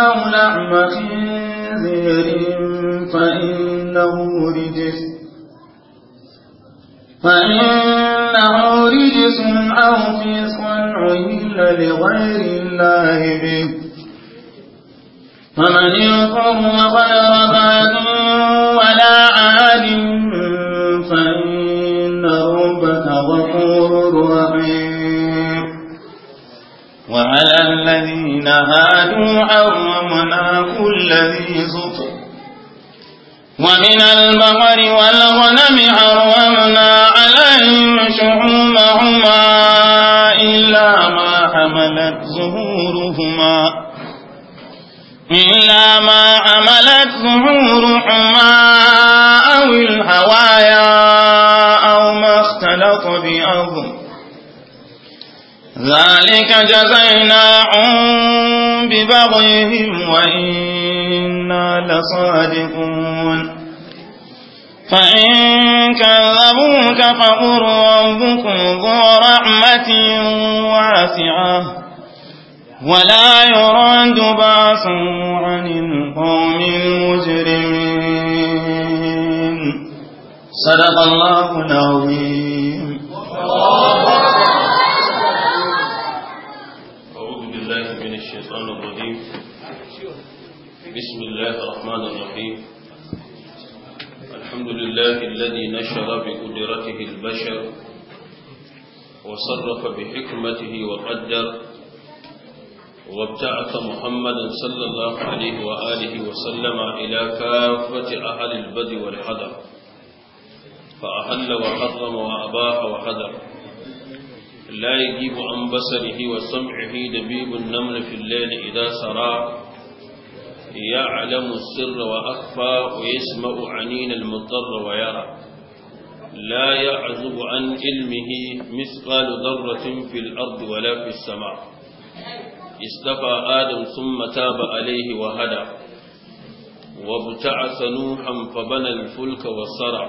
أو لحم خنزير فإنه رجس فإنه رجس أو فسق عهل لغير الله به فمن يقر غير إن هادوا حرمنا كل ذي ومن البقر والغنم حرمنا عليهم شعومهما إلا ما حملت ظهورهما إلا ما حملت ظهورهما أو الهوايا أو ما اختلط بأرض ذلك جزيناهم ببغيهم وإنا لصادقون فإن كذبوك فقل ربكم ذو رحمة واسعة ولا يراد بأسه عن القوم المجرمين صدق الله العظيم الرحمن الرحيم الحمد لله الذي نشر بقدرته البشر وصرف بحكمته وقدر وابتعث محمدا صلى الله عليه وآله وسلم إلى كافة أهل البدو والحذر فأحل وحرم وأباح وحذر لا يجيب عن بصره وسمعه دبيب النمل في الليل إذا سرى يعلم السر وأخفى ويسمع عنين المضطر ويرى لا يعزب عن علمه مثقال ذرة في الأرض ولا في السماء استفى آدم ثم تاب عليه وهدى وابتعث نوحا فبنى الفلك وصرع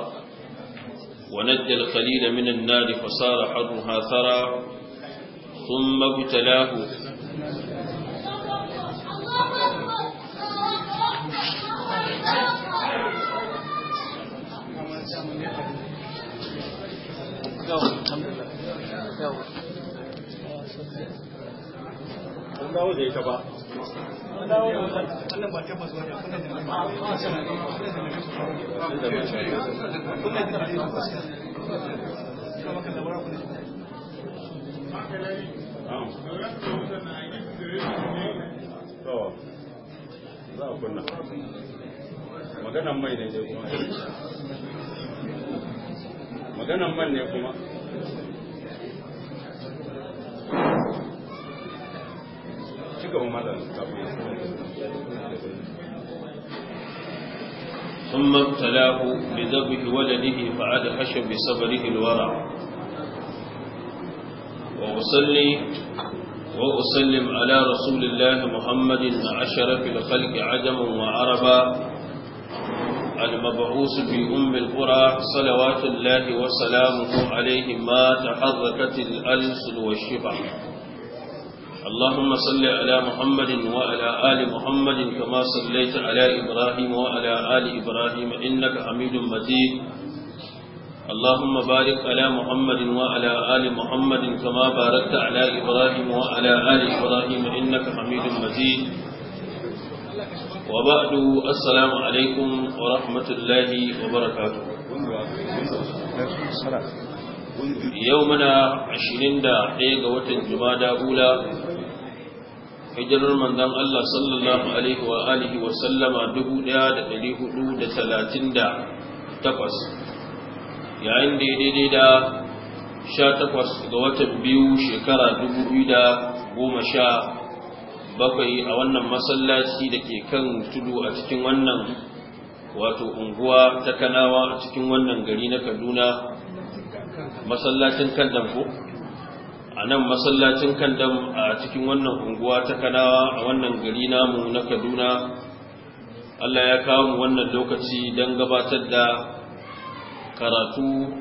ونجى الخليل من النار فصار حرها ثرى ثم ابتلاه dawo Oh. za a kunna maganan mai ne dai kuma maganan man ne kuma ci gaba malam ثم ابتلاه بذبح ولده فأدهش بصبره الورع وأصلي وأسلم على رسول الله محمد أشرف الخلق عجما وعربا المبعوث في أم القرى صلوات الله وسلامه عليه ما تحركت الألسن والشفع اللهم صل على محمد وعلى آل محمد كما صليت على إبراهيم وعلى آل إبراهيم إنك حميد مجيد اللهم بارك على محمد وعلى آل محمد كما باركت على إبراهيم وعلى آل إبراهيم إنك حميد مجيد وبعد السلام عليكم ورحمة الله وبركاته يومنا عشرين دا حيق وطن جمادى أولى hijirar manzon Allah sallallahu alaihi wa alihi wa sallama 1438 yayin da ya daidai da 18 ga watan biyu shekara 2017 a wannan masallaci da ke kan tudu a cikin wannan wato unguwa ta kanawa a cikin wannan gari na kaduna masallacin kandan ko a nan masallacin dam a cikin wannan unguwa ta kanawa a wannan gari namu na kaduna allah ya kawo mu wannan lokaci don gabatar da karatu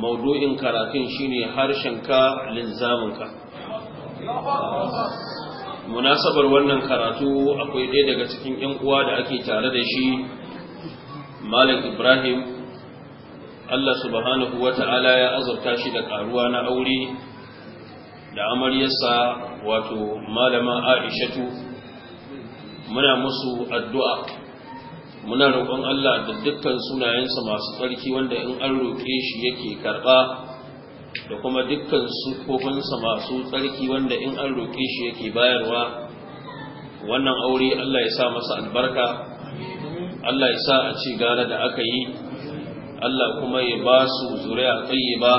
maudu'in karatun shine harshenka ka. munasabar wannan karatu akwai ɗaya daga cikin ‘yan uwa da ake tare da shi malik ibrahim allah subhanahu wa ta'ala ya azurta shi da karuwa na aure da amaryarsa wato malama aishatu muna musu addu'a muna roƙon Allah da dukkan sunayensa masu tsarki wanda in an roƙe shi yake karɓa da kuma dukkan sufofinsa masu tsarki wanda in an roƙe shi yake bayarwa wannan aure Allah ya sa masa albarka Allah ya sa a ci gara da aka yi Allah kuma ya ba su zuriya ba.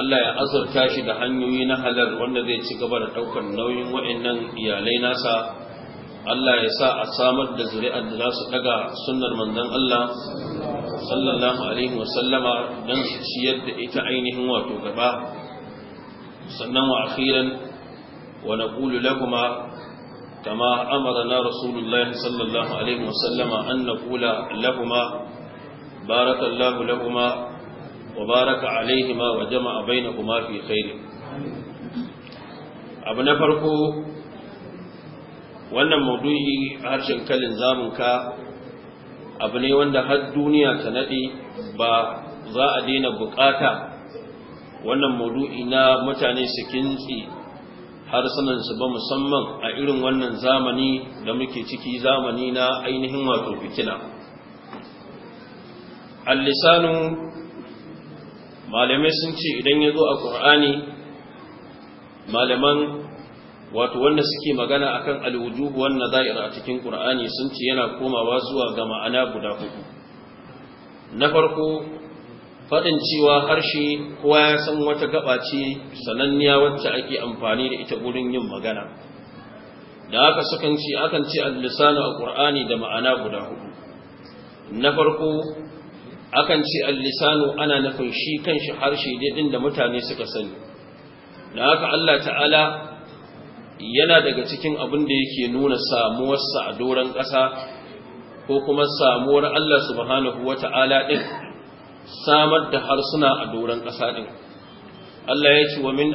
Allah ya azurta shi da hanyoyi na halar wanda zai ci gaba da ɗaukar nauyin wa'annan iyalai nasa Allah ya sa a samar da zuri'ar da za su daga sunnar manzon Allah sallallahu alaihi wasallama don su ciyar da ita ainihin wato gaba sannan wa akhiran wa naqulu lahumma kama amarna rasulullahi sallallahu alaihi wasallama an naqula lahumma barakallahu lahumma wa baraka alaihima wa jama'a bainakuma fi khair abu na farko wannan maudu'i harshen kalin zamunka abu ne wanda har duniya ta naɗe ba za a daina bukata wannan maudu'i na mutane su kintsi harsunansu ba musamman a irin wannan zamani da muke ciki zamani na ainihin wato fitina al malamai sun ce idan ya zo a ƙur'ani malaman wato wanda suke magana akan alwujuhu wan nadha'ir a cikin Qur'ani sun ce yana komawa zuwa ga ma'ana guda uku na farko fadin cewa harshe kowa ya san wata gaba ce sananniya wacce ake amfani da ita gurin yin magana da aka sukan ce akan ce al-lisanu a Qur'ani da ma'ana guda uku na farko akan ce al-lisanu ana nufin shi kanshi harshe dai din da mutane suka sani da haka Allah ta'ala yana daga cikin abin da yake nuna samuwarsa a doron ƙasa ko kuma samuwar Allah subhanahu wa ta'ala ɗin samar da harsuna a doron ƙasa ɗin. Allah ya ce wa min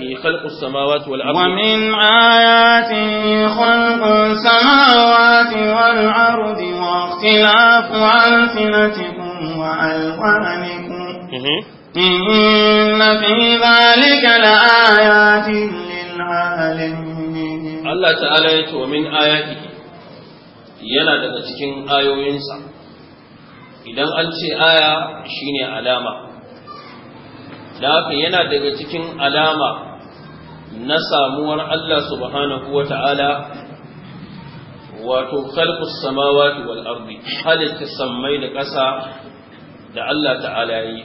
yi khalqus samawati wal ardi wa min ayatihi khalqus samawati wal ardi wa ikhtilafu alsinatikum wa alwanikum mhm. inna fi dhalika la ayatin عالمين الله تعالى يتوى من آياته yana daga cikin ayoyinsa idan an ce aya shine alama da haka yana daga cikin alama na samuwar Allah subhanahu wa ta'ala wato khalqus samawati wal ardi halitta sammai da ƙasa da Allah ta'ala yi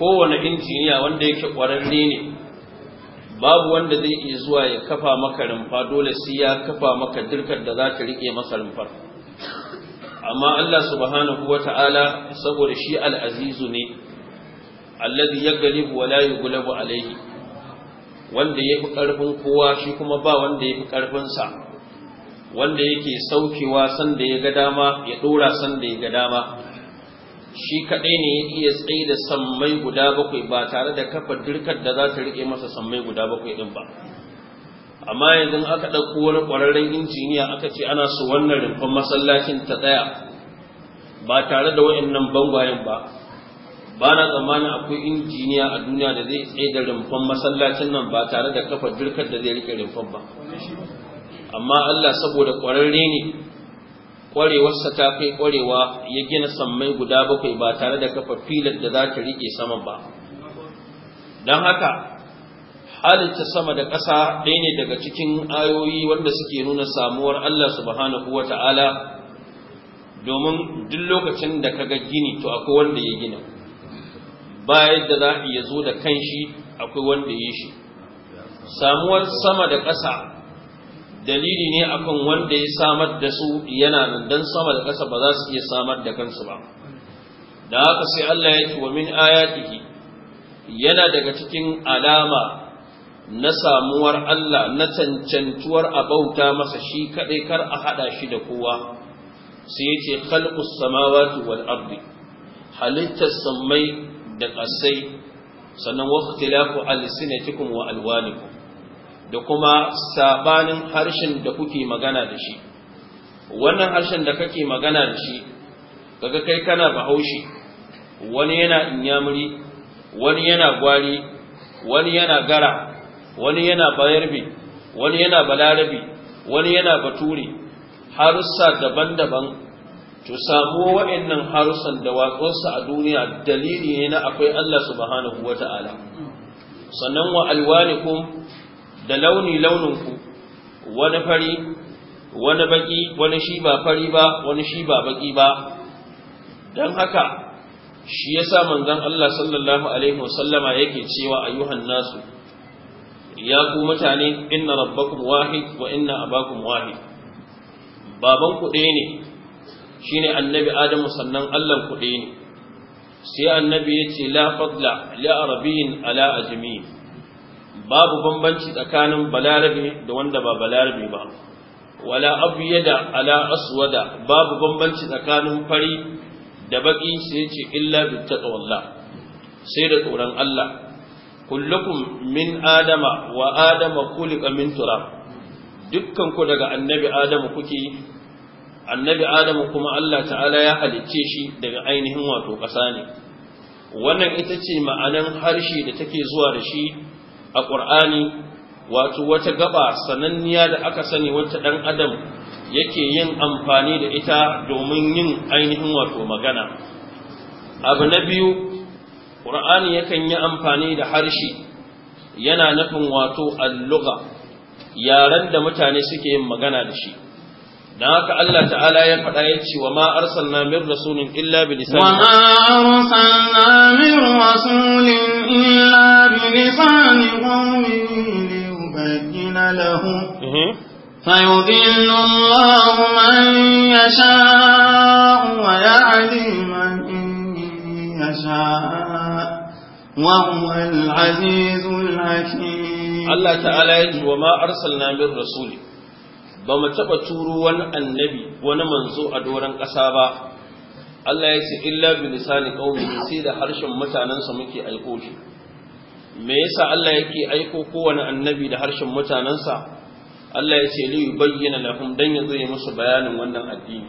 kowane injiniya wanda yake ƙwararre ne babu wanda zai iya zuwa ya kafa maka rumfa dole sai ya kafa maka dirkar da za ka riƙe masa rumfar amma Allah subhanahu wata'ala saboda shi al'azizu ne alladhi yaghlibu wa la yughlabu alayhi wanda yafi karfin kowa shi kuma ba wanda yafi karfin sa wanda yake saukewa sanda ya ga dama ya dora sanda ya ga dama shi kaɗai ne ya iya tsaye da sammai guda bakwai ba tare da kafa dirkar da za ta riƙe masa sammai guda bakwai ɗin ba amma yanzu aka ɗauko wani ƙwararren injiniya aka ce ana so wannan rumfan masallacin ta tsaya ba tare da waɗannan bangwayen ba ba na tsammanin akwai injiniya a duniya da zai tsaye da rumfan masallacin nan ba tare da kafa dirkar da zai riƙe rumfan ba amma Allah saboda ƙwararre ne ƙwarewarsa ta kai ƙwarewa ya gina sammai guda bakwai ba tare da kafa filin da za ta riƙe saman ba don haka halitta sama da ƙasa ɗaya ne daga cikin ayoyi wanda suke nuna samuwar Allah subhanahu wa ta'ala domin duk lokacin da ka ga gini to akwai wanda ya gina ba yadda za a iya zo da kanshi akwai wanda ya shi samuwar sama da ƙasa dalili ne akan wanda ya samar da su yana nan dan sama da ƙasa ba za su iya samar da kansu ba da haka sai Allah ya ce wa min ayatihi yana daga cikin alama na samuwar Allah na cancantuwar abauta masa shi kadai kar a haɗa shi da kowa sai ya ce khalqus samawati wal ardi halittar sammai da ƙasai sannan waqtilafu alsinatikum wa alwanikum da kuma sabanin harshen da kuke magana da shi wannan harshen da kake magana da shi kaga kai kana bahaushe wani yana inyamuri wani yana gwari wani yana gara wani yana bayarbe wani yana balarabe wani yana bature harussa daban-daban to samu wa'annan harussan da watsonsa a duniya dalili ne na akwai Allah subhanahu wata'ala sannan wa alwanikum da launi launinku wani fari wani baki wani shi ba fari ba wani shi ba baki ba don haka shi ya sa manzon Allah sallallahu alaihi wasallama yake cewa ayyuhan nasu ya ku mutane inna rabbakum wahid wa inna abakum wahid baban ku ɗaya ne Shi ne annabi adamu sannan Allah ku ɗaya ne sai annabi ya ce la fadla li arabiyyin ala ajmin babu bambanci tsakanin balarabe da wanda ba balarabe ba wala abyada ala aswada babu bambanci tsakanin fari da baki sai ce illa bi taqwallah sai da tsoron Allah kullukum min adama wa adama khuliqa min turab dukkan ku daga annabi adamu kuke annabi adamu kuma Allah ta'ala ya halicce shi daga ainihin wato ƙasa ne wannan ita ce ma'anan harshe da take zuwa da shi a ƙur'ani wato wata gaba sananniya da aka sani wata ɗan adam yake yin amfani da ita domin yin ainihin wato magana abu na biyu ƙur'ani yakan yi amfani da harshe yana nufin wato alluga yaren da mutane suke yin magana da shi dan haka Allah ta'ala ya faɗa ya ce wa ma arsalna min rasulin illa bi lisani wa ma arsalna min rasulin illa bi lisani qawmin liyubayyana lahum mhm. فيضل الله من يشاء ويعدي من يشاء وهو العزيز الحكيم الله تعالى wa وما أرسلنا من رسول ba mu taɓa turo wani annabi wani manzo a doron ƙasa ba Allah ya ce illa bi lisani qaumi sai da harshen mutanansa muke aiko shi me yasa Allah yake aiko kowane annabi da harshen mutanansa Allah ya ce li yubayyana lahum dan ya zo musu bayanin wannan addini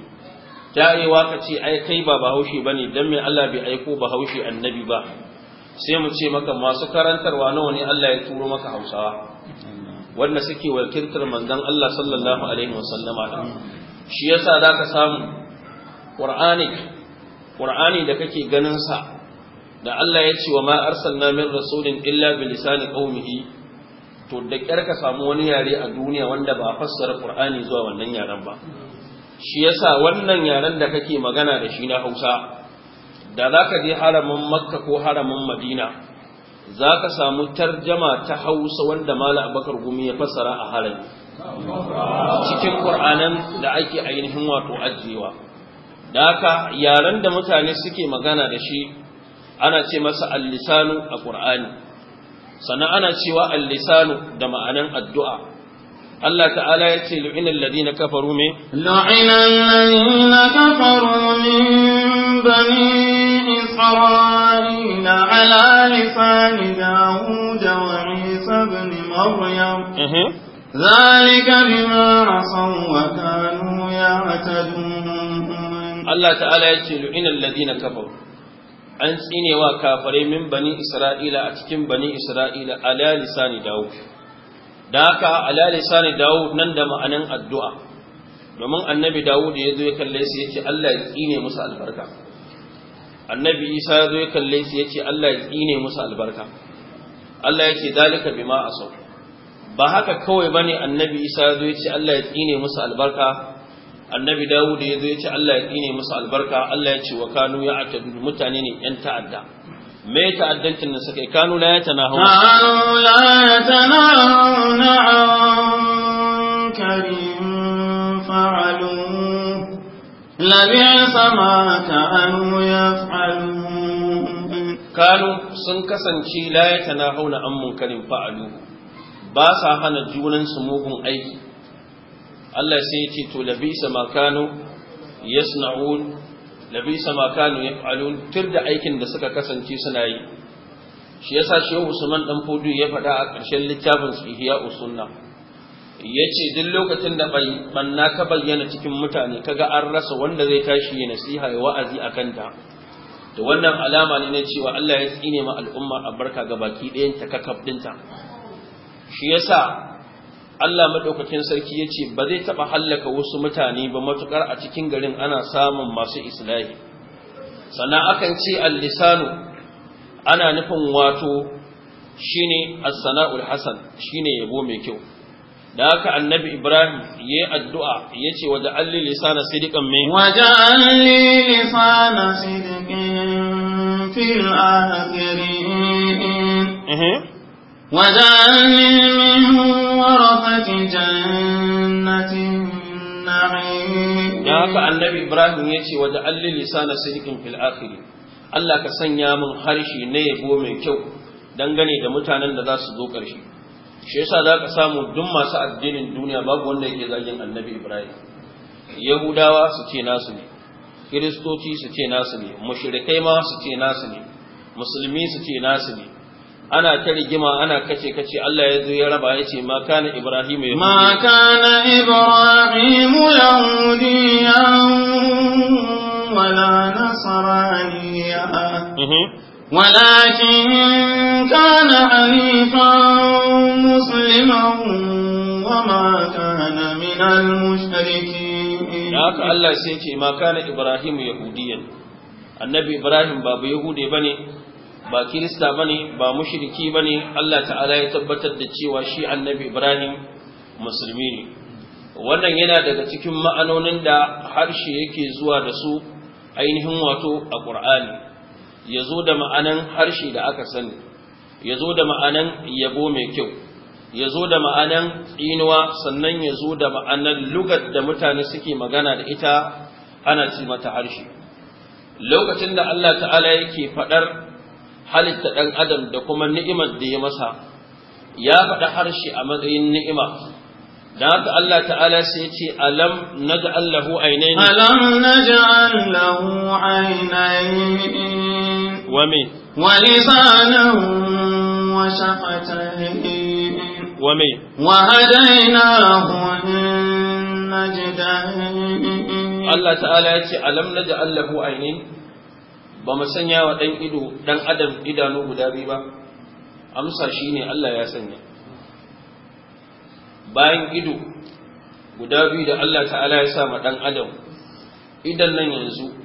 ta yi waka ce ai kai ba bahaushe bane dan me Allah bai aiko bahaushe annabi ba sai mu ce maka masu karantarwa nawa ne Allah ya turo maka Hausawa wanda suke wakiltar manzon Allah sallallahu alaihi wasallama shi yasa zaka samu qur'ani qur'ani da kake ganin sa da Allah ya ce wa ma arsalna min rasulin illa bi lisani qaumihi to da kyar ka samu wani yare a duniya wanda ba fassara qur'ani zuwa wannan yaren ba shi yasa wannan yaren da kake magana da shi na Hausa da zaka je haramin Makka ko haramin Madina za ka samu tarjama ta hausa wanda mala Bakar gumi ya fassara a harin cikin ƙur'anan da ake ainihin wato ajiyewa da haka yaren da mutane suke magana da shi ana ce masa allisanu a ƙur'ani sannan ana cewa allisanu da ma'anan addu'a Allah ta'ala ya ce lu'inan ladina kafaru me? lu'inan na kafaru min bani قرانين على لسان داود وعيسى بن مريم ذلك بما عصوا وكانوا يعتدون الله تعالى يقول إن الذين كفروا an tsine wa kafarai min bani isra'ila a cikin bani isra'ila ala lisani dawud da haka ala lisani dawud nan da ma'anin addu'a domin annabi dawud ya zo ya kalle su yace Allah ya tsine musu albarka annabi isa ya zo ya kalle su ya ce allah ya tsine musu albarka allah ya ce dalika bima asau ba haka kawai bane annabi isa ya zo ya ce allah ya tsine musu albarka annabi dawud ya zo ya ce allah ya tsine musu albarka allah ya ce wa kanu ya atadu mutane ne yan ta'adda me ta'addancin da suka yi kanu la ya tanahu kanu la ya tanahu na'am karim لبئس ما كانوا يفعلون كانوا sun kasance la ya tanahuna an munkarin fa'alu ba sa hana junan su mugun aiki Allah sai ya ce to labisa Makano kanu yasna'un labisa Makano ya yaf'alun tur da aikin da suka kasance suna yi shi yasa shehu Usman dan Fudu ya faɗa a ƙarshen littafin Ihya Usunna ya ce duk lokacin da banna ka bayyana cikin mutane kaga an rasa wanda zai tashi ya nasiha ya wa'azi a kanta to wannan alama ne na cewa Allah ya tsine ma al'umma a barka ga baki ɗayan ta ka ɗinta shi yasa Allah madaukakin sarki ya ce ba zai taɓa hallaka wasu mutane ba matuƙar a cikin garin ana samun masu islahi sannan akan ce al-lisanu ana nufin wato shine as-sana'ul hasan shine yabo mai kyau da haka annabi ibrahim ya yi addu'a ya ce wa ja'al li lisana sidikan mai. wa ja'al li lisana sidikan fil akhirin wa ja'alni min warafati jannatin na'im da haka annabi ibrahim ya ce wa ja'al li lisana sidikan fil akhirin Allah ka sanya min harshe na yabo mai kyau dangane da mutanen da za su zo ƙarshe shi yasa za ka samu duk masu addinin duniya babu wanda yake zagin annabi ibrahim yahudawa su ce nasu ne kiristoci su ce nasu ne mushrikai ma su ce nasu ne musulmi su ce nasu ne ana ta rigima ana kace kace Allah ya zo ya raba ya ce ma kana ibrahim ya ma kana ibrahim yahudiyan wala nasraniya mhm. ولكن كان حنيفا مسلما وما كان من المشركين haka Allah sai ce ma kana Ibrahim yahudiyan annabi Ibrahim ba ba ba kirista bane ba mushriki bane Allah ta'ala ya tabbatar da cewa shi annabi Ibrahim musulmi ne wannan yana daga cikin ma'anonin da harshe yake zuwa da su ainihin wato a Qur'ani ya zo da ma'anan harshe da aka sani ya zo da ma'anan yabo mai kyau ya zo da ma'anan tsinuwa sannan ya zo da ma'anan lugat da mutane suke magana da ita ana ci mata harshe lokacin da Allah ta'ala yake faɗar halitta ɗan adam da kuma ni'imar da ya masa ya faɗa harshe a matsayin ni'ima da haka Allah ta'ala sai ya ce alam na ga Allahu lahu ne. alam na naj'al lahu aynayn wa me wa lisanan wa shaqatayn wa me wa hadaynahu najdayn Allah ta'ala ya ce alam na naj'al lahu aynayn ba mu sanya wa ɗan ido ɗan adam idanu guda biyu ba amsa shi ne Allah ya sanya bayan ido guda biyu da Allah ta'ala ya sa ma dan adam idan nan yanzu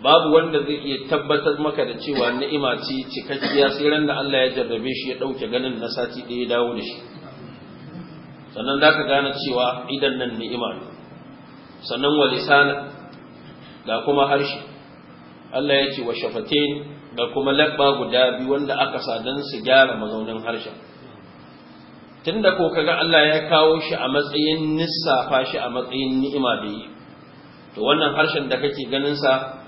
babu wanda zai iya tabbatar maka da cewa ni'ima ce cikakkiya sai ran da Allah ya jarrabe shi ya ɗauke ganin na sati ɗaya dawo da shi sannan za ka gane cewa idan nan ni'ima ne sannan wa lisana ga kuma harshe Allah ya ce wa shafatin ga kuma labba guda biyu wanda aka sa don su gyara mazaunin harshen tunda ko kaga Allah ya kawo shi a matsayin nissafa shi a matsayin ni'ima da yi to wannan harshen da kake ganin sa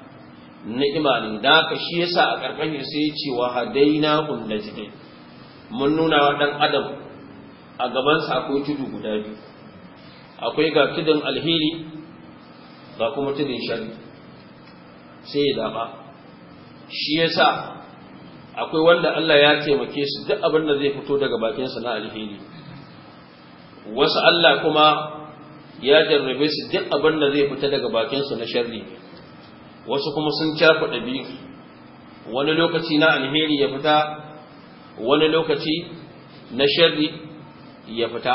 ni'ima ne da haka shi yasa a karkashin sai ya ce wa hadaina kunnatin mun nuna wa dan adam a gaban sa akwai tudu guda biyu akwai ga tudun alheri ga kuma tudun shari sai ya zaba shi yasa akwai wanda Allah ya taimake su duk abin da zai fito daga bakinsa na alheri wasu Allah kuma ya jarrabe su duk abin da zai fita daga bakinsa na sharri wasu kuma sun cakuɗa biyu wani lokaci na alheri ya fita wani lokaci na sharri ya fita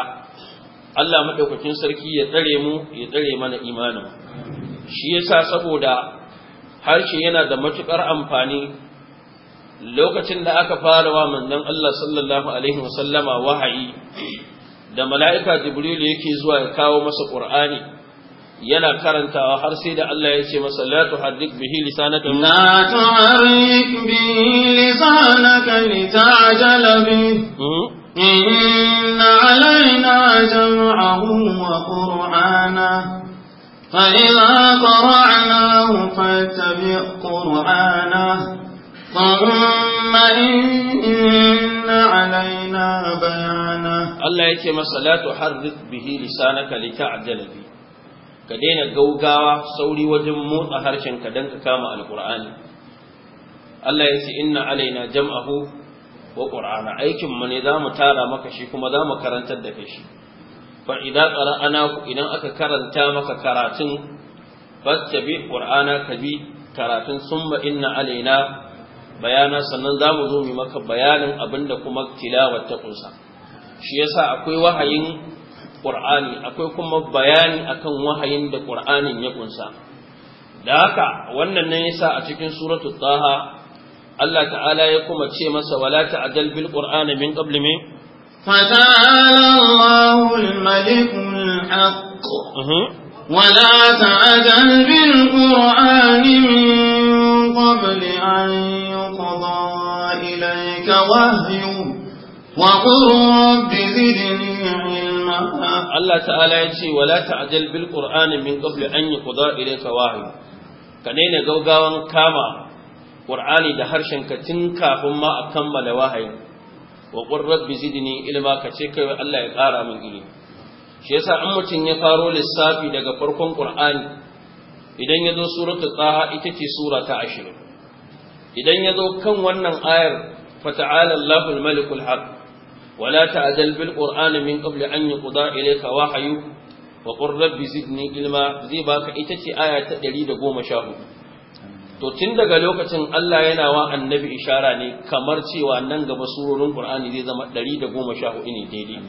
Allah maɗaukakin sarki ya tsare mu ya tsare mana imanin shi yasa saboda harshe yana da matukar amfani lokacin da aka fara wa manzon Allah sallallahu alaihi wasallama wahayi da mala'ika Jibril yake zuwa ya kawo masa Qur'ani yana karantawa har sai da Allah ya ce masa la tuharrik bihi lisanaka la tuharrik bihi lisanaka litajala bi hmm? inna alaina jam'ahu wa qur'ana fa idza qara'nahu fattabi' qur'ana Allah ya ce بيانه الله يكي مسألة تحرك به لسانك ka daina gaugawa sauri wajen motsa harshen ka don ka kama alkur'ani Allah ya ce inna alaina jam'ahu wa qur'ana aikin mu ne zamu tara maka shi kuma zamu karantar da kai shi fa idan qara'ana idan aka karanta maka karatun fastabi qur'ana ka bi karatun summa inna alaina bayana sannan za mu zo mu maka bayanin abin da kuma tilawar ta kunsa shi yasa akwai wahayin ƙur'ani akwai kuma bayani akan wahayin da ƙur'anin ya kunsa da haka wannan ne yasa a cikin suratul taha Allah ta'ala ya kuma ce masa wala ta'dal mhm. bil qur'ani min qabli min fata'ala al-malik al min يقضى إليك وهيه Allah ta'ala ya ce wala ta'jal bil qur'ani min qabli an yuqda ilayka wahy ka daina gaugawan kama qur'ani da harshen ka tun kafin ma a kammala wahayin wa qur rabbi zidni ilma ka ce kai Allah ya ƙara min ilimi shi yasa in mutum ya faro lissafi daga farkon qur'ani idan ya zo suratul taha ita ce sura ta 20 idan ya zo kan wannan ayar fata'ala Allahul malikul haq wala ta'dal bil qur'ani min qabli an yuqda ilayka wahyu wa qur rabbi zidni ilma zai baka ita ce aya ta 114 to tun daga lokacin Allah yana wa annabi ishara ne kamar cewa nan gaba surorin qur'ani zai zama 114 ne daidai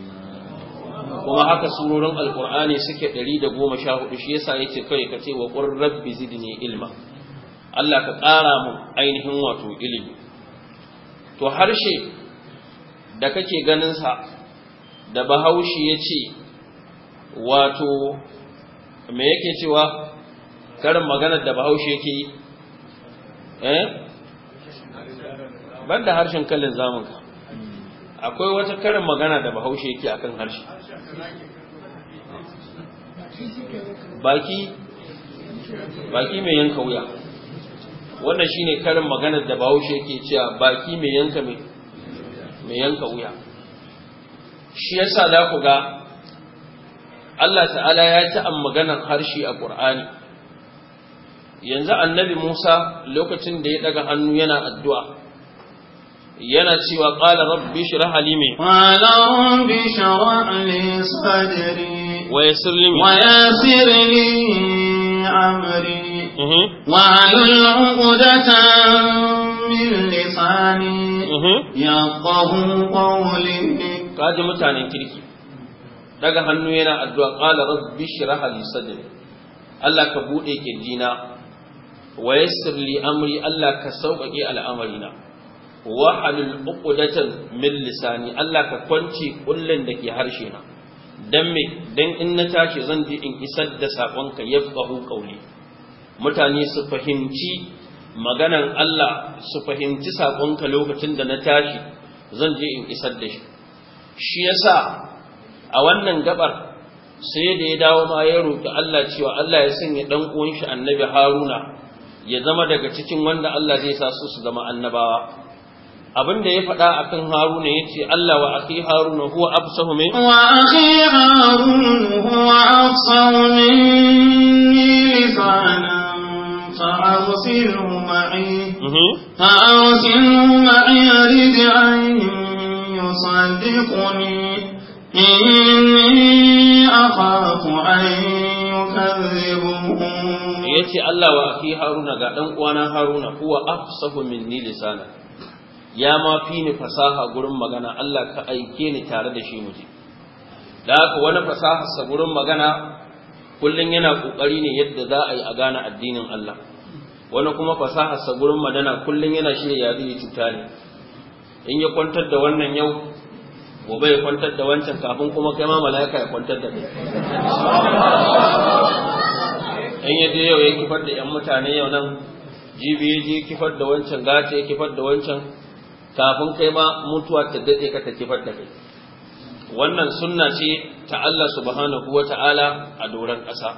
kuma haka surorin alqur'ani suke 114 shi yasa yace kai kace wa qur rabbi zidni ilma Allah ka ƙara mu ainihin wato ilimi to harshe da kake ganinsa da bahaushe ya ce wato me yake cewa karin maganar da bahaushe yake yi eh ban da harshen kallon zamanka akwai wata karin magana da bahaushe yake akan harshe baki baki mai yanka wuya wannan shine karin maganar da bahaushe yake cewa baki mai yanka mai yanka wuya shi yasa za ku ga Allah ta'ala ya ci an maganar harshe a Qur'ani yanzu annabi Musa lokacin da ya daga hannu yana addu'a yana cewa qala rabbi shrah li mi qala rabbi shrah li sadri wa yassir li amri Mm-hmm. واحلل عقدة من لساني mm-hmm. يفقه قولي kaji mutanen kirki daga hannu yana addu'a qala rabbi shrah li sadri Allah ka buɗe kirjina wa yassir li amri Allah ka sauƙaƙe al'amarina wa halul uqdatan min lisani Allah ka kwance kullun da ke harshe na dan me dan in na tashi zan ji in isar da ya yafqahu qawli mutane su fahimci maganan Allah su fahimci saƙonka lokacin da na tashi zan je in isar da shi shi yasa a wannan gabar sai da ya dawo ma ya roƙi Allah cewa Allah ya sanya dan uwan shi annabi Haruna ya zama daga cikin wanda Allah zai sa su su zama annabawa abin da ya faɗa akan Haruna ya ce, Allah wa akhi Haruna huwa afsahu min wa akhi Haruna huwa afsahu min lisana فأرسله معي يصدقني إني أخاف أن yace Allah wa fi Haruna ga dan uwana Haruna huwa afsahu minni lisana ya ma fi ni fasaha gurin magana Allah ka aike ni tare da shi muje da haka wani fasaha sa gurin magana kullum yana kokari ne yadda za a yi a gane addinin Allah wani kuma fasaharsa gurin madana kullum yana shirya ya zai cuta ne in ya kwantar da wannan yau gobe ya kwantar da wancan kafin kuma kai ma mala'ika ya kwantar da kai in ya je yau ya kifar da yan mutane yau nan jibi ya je kifar da wancan gace ya kifar da wancan kafin kai ma mutuwa ta dade ka ta kifar da kai wannan sunna ce ta Allah subhanahu wa ta'ala a doron ƙasa.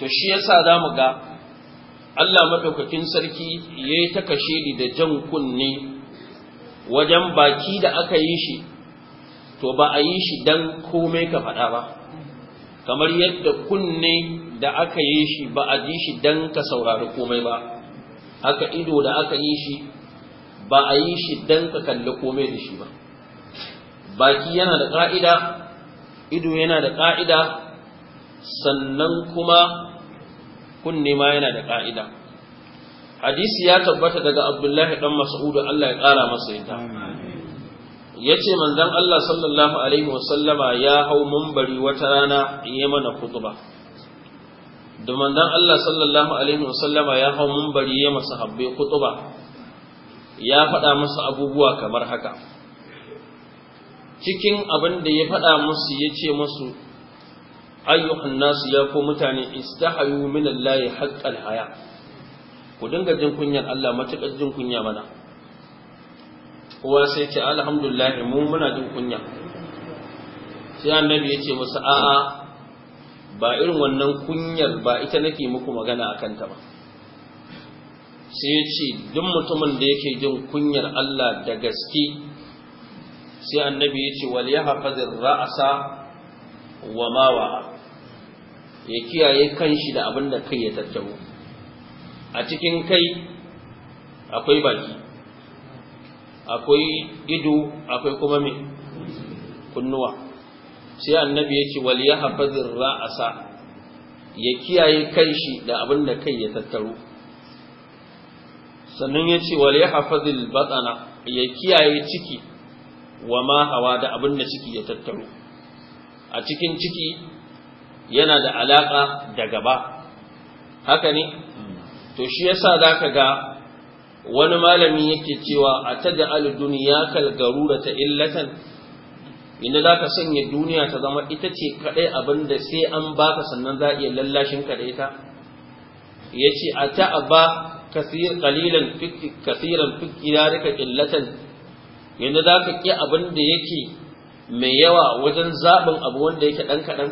To shi yasa za mu ga Allah maɗaukakin sarki ya yi ta kashe da jan kunne wajen baki da aka yi shi, to ba a yi shi don komai ka faɗa ba, kamar yadda kunne da aka yi shi ba a ji shi don ka saurari komai ba, haka ido da aka yi shi ba a yi shi don ka kalli komai da shi ba. Baki yana da ƙa'ida ido yana da ƙa'ida sannan kuma kunne ma yana da ƙa'ida hadisi ya tabbata daga abdullahi ɗan mas'udu Allah ya ƙara masa yadda ya ce manzan Allah sallallahu alaihi wasallama ya hau mumbari wata rana ya mana kutuba da manzan Allah sallallahu alaihi wasallama ya hau mumbari ya masa habbe kutuba ya faɗa masa abubuwa kamar haka cikin abin da ya faɗa musu ya ce musu ayyukan nasu ya ko mutane istahayu min Allah haqqal haya ku dinga jin kunyar Allah matuƙar jin kunya mana kowa sai ce alhamdulillah mu muna jin kunya sai annabi ya ce musu a'a ba irin wannan kunyar ba ita nake muku magana akan ta ba sai ya ce duk mutumin da yake jin kunyar Allah da gaske sai annabi ya ce wal yahfazir ra'sa wa ma wa ya kiyaye kanshi da abin da kai ya tattabo a cikin kai akwai baki akwai ido akwai kuma me kunnuwa sai annabi ya ce wal yahfazir ra'sa ya kiyaye kanshi da abin da kai ya tattaro sannan ya ce wal yahfazil batana ya kiyaye ciki wa ma hawa da abin da ciki ya tattaro a cikin ciki yana da alaƙa da gaba haka ne to shi yasa za ka ga wani malami yake cewa a ta da duniya garura ta illatan inda za ka sanya duniya ta zama ita ce kaɗai abin da sai an baka sannan za a iya lallashin ka da ita ya ce a ta a ba kasiran rika illatan Yanda za ka ƙi abin da yake mai yawa wajen zaɓin abu wanda yake ɗan kaɗan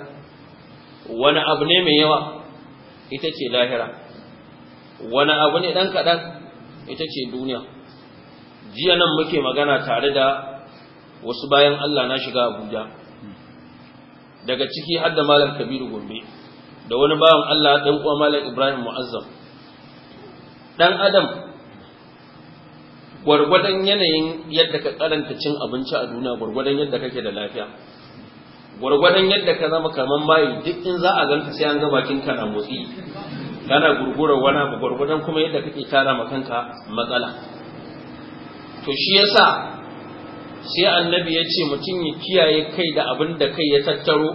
wani abu ne mai yawa ita ce lahira wani abu ne ɗan kaɗan ita ce duniya jiya nan muke magana tare da wasu bayan Allah na shiga Abuja daga ciki har da Malam Kabiru Gombe da wani bawan Allah ɗan uwa Malam Ibrahim Mu'azzam ɗan Adam gwargwadon yanayin yadda ka karanta cin abinci a duniya gwargwadon yadda kake da lafiya gwargwadon yadda ka zama kaman bayi duk in za a ganka sai an ga bakin ka na motsi kana gurgurar wani abu gwargwadon kuma yadda kake tara ma kanka matsala to shi yasa sai annabi ya ce mutum ya kiyaye kai da abin da kai ya tattaro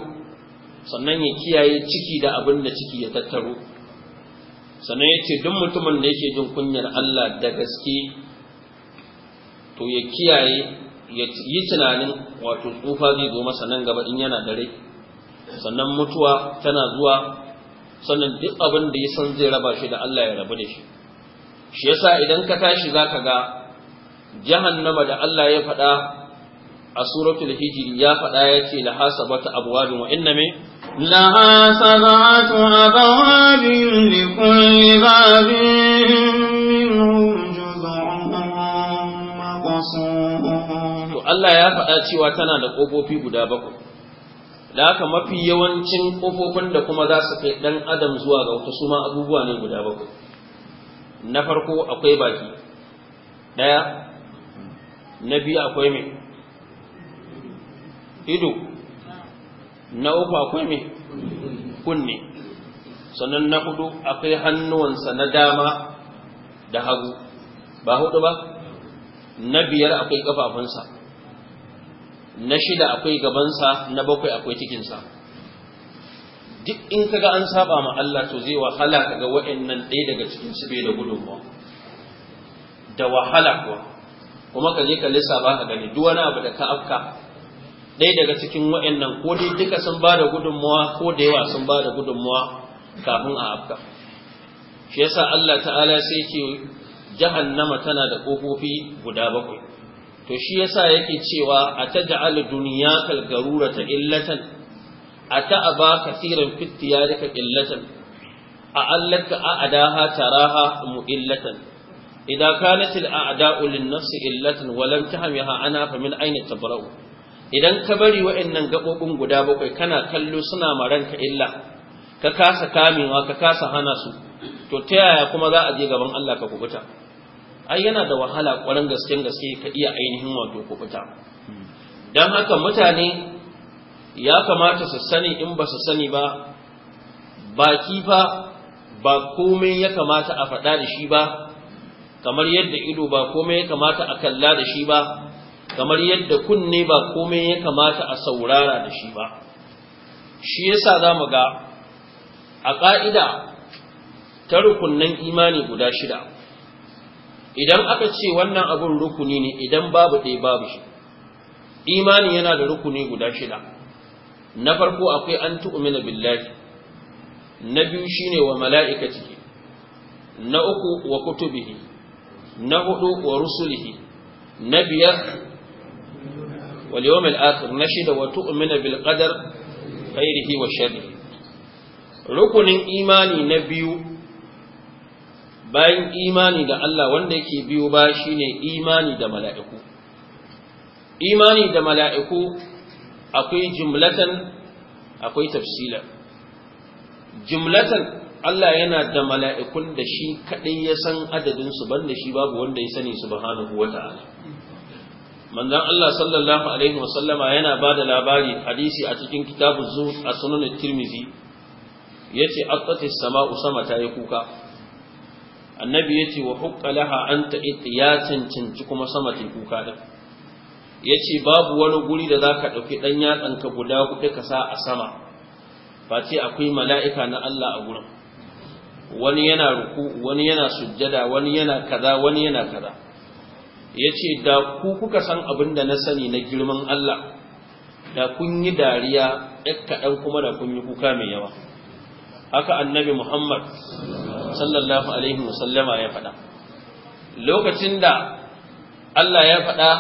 sannan ya kiyaye ciki da abin da ciki ya tattaro sannan ya ce duk mutumin da yake jin kunyar Allah da gaske to ya kiyaye ya yi tunanin wato tsufa zai zo masa nan gaba in yana dare, sannan mutuwa tana zuwa sannan duk abin da ya san zai raba shi da Allah ya rabu da shi shi yasa idan ka tashi zaka ga jahannama da Allah ya faɗa a suratul hijri ya faɗa yace la hasabata abwabin wa inna la لها سبعة أبواب kulli باب minhum to Allah ya faɗa cewa tana da ƙofofi guda bakwai da haka mafi yawancin ƙofofin da kuma za su kai ɗan adam zuwa ga wata suma abubuwa ne guda bakwai na farko akwai baki ɗaya na biyu akwai mai ido na uku akwai mai kunne sannan na hudu akwai hannuwansa na dama da hagu ba hudu ba na biyar akwai kafafunsa na shida akwai gabansa na bakwai akwai cikinsa duk in kaga an saba ma Allah to zai wahala kaga wa'annan ɗaya daga cikin su bai da gudunmuwa da wahala kuwa kuma ka je ka ba ka gani duk wani abu da ka afka ɗaya daga cikin wa'annan ko dai duka sun ba da gudunmuwa ko da yawa sun ba da gudunmuwa kafin a afka shi yasa Allah ta'ala sai ke jahannama tana da ƙofofi guda bakwai to shi yasa yake cewa a ta ja'ala duniya kalgarura ta illatan a ta aba kasiran fitiya daga illatan a allaka a adaha taraha mu illatan idan kanat al a'da'u lin nafs illatan wa lam tahmiha ana fa min ayna tabra'u idan ka bari wa'annan gabobin guda bakwai kana kallo suna maranka illa ka kasa kamewa ka kasa hana su to ta yaya kuma za a je gaban Allah ka kubuta ai yana da wahala ƙwarin gasken gaske ka iya ainihin wato kubuta don haka mutane ya kamata su sani in ba su sani ba baki fa ba komai ya kamata a faɗa da shi ba kamar yadda ido ba komai ya kamata a kalla da shi ba kamar yadda kunne ba komai ya kamata a saurara da shi ba shi yasa za mu ga a ƙa'ida ta rukunnan imani guda shida idan aka ce wannan abun rukuni ne idan babu ɗaya babu shi imani yana da rukuni guda shida na farko akwai an tu'mina billahi na biyu shine wa ciki, na uku wa kutubihi na hudu wa rusulihi na biyar wal yawmil akhir na shida wa tu'mina bil qadar khairihi wa sharrihi rukunin imani na biyu bayan imani da Allah wanda yake biyo ba shine imani da mala'iku imani da mala'iku akwai jimlatan akwai tafsila Jimlatan Allah yana da mala'ikun da shi kaɗai ya san adadinsu da shi babu wanda ya sani su subhanahu wa ta'ala Mandan Allah sallallahu alaihi wasallama yana ba da labari hadisi a cikin kitabu zuwa a sunan tirmizi ya ce sama'u sama ta yi kuka annabi ya ce wa hukka laha an ta'iƙi ya cancanci kuma sama kuka ɗin ya ce babu wani guri da za ka ɗauki ɗan yatsanka guda huɗu ka sa a sama ba ce akwai mala'ika na Allah a gurin wani yana ruku wani yana sujjada wani yana kaza wani yana kaza ya ce da ku kuka san abin da na sani na girman Allah da kun yi dariya ɗan kaɗan kuma da kun yi kuka mai yawa haka annabi Muhammad sallallahu alaihi wasallama ya faɗa lokacin da Allah ya faɗa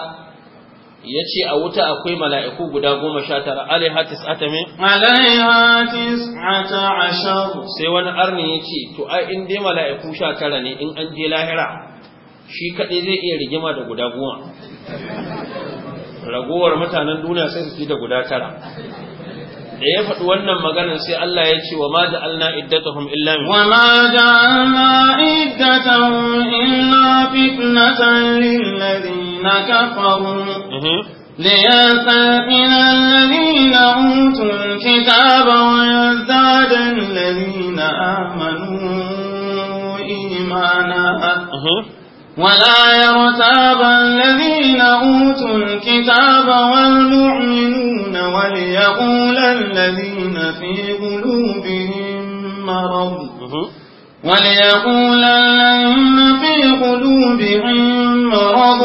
ya ce a wuta akwai mala'iku guda goma sha tara alaiha tis'ata min alaiha tis'ata ashar sai wani arni ya ce to ai in dai mala'iku sha tara ne in an je lahira shi kaɗai zai iya rigima da guda goma ragowar mutanen duniya sai su ji da guda tara da ya faɗi wannan maganan sai Allah ya ce wa ma ja'alna iddatahum illa min wa ma ja'alna iddatahum illa fitnatan lil ladina kafaru ليستيقن الذين أوتوا الكتاب ويزداد الذين آمنوا إيمانا ولا يرتاب الذين أوتوا الكتاب والمؤمنون وليقول الذين في قلوبهم مرض وليقول الذين في قلوبهم مرض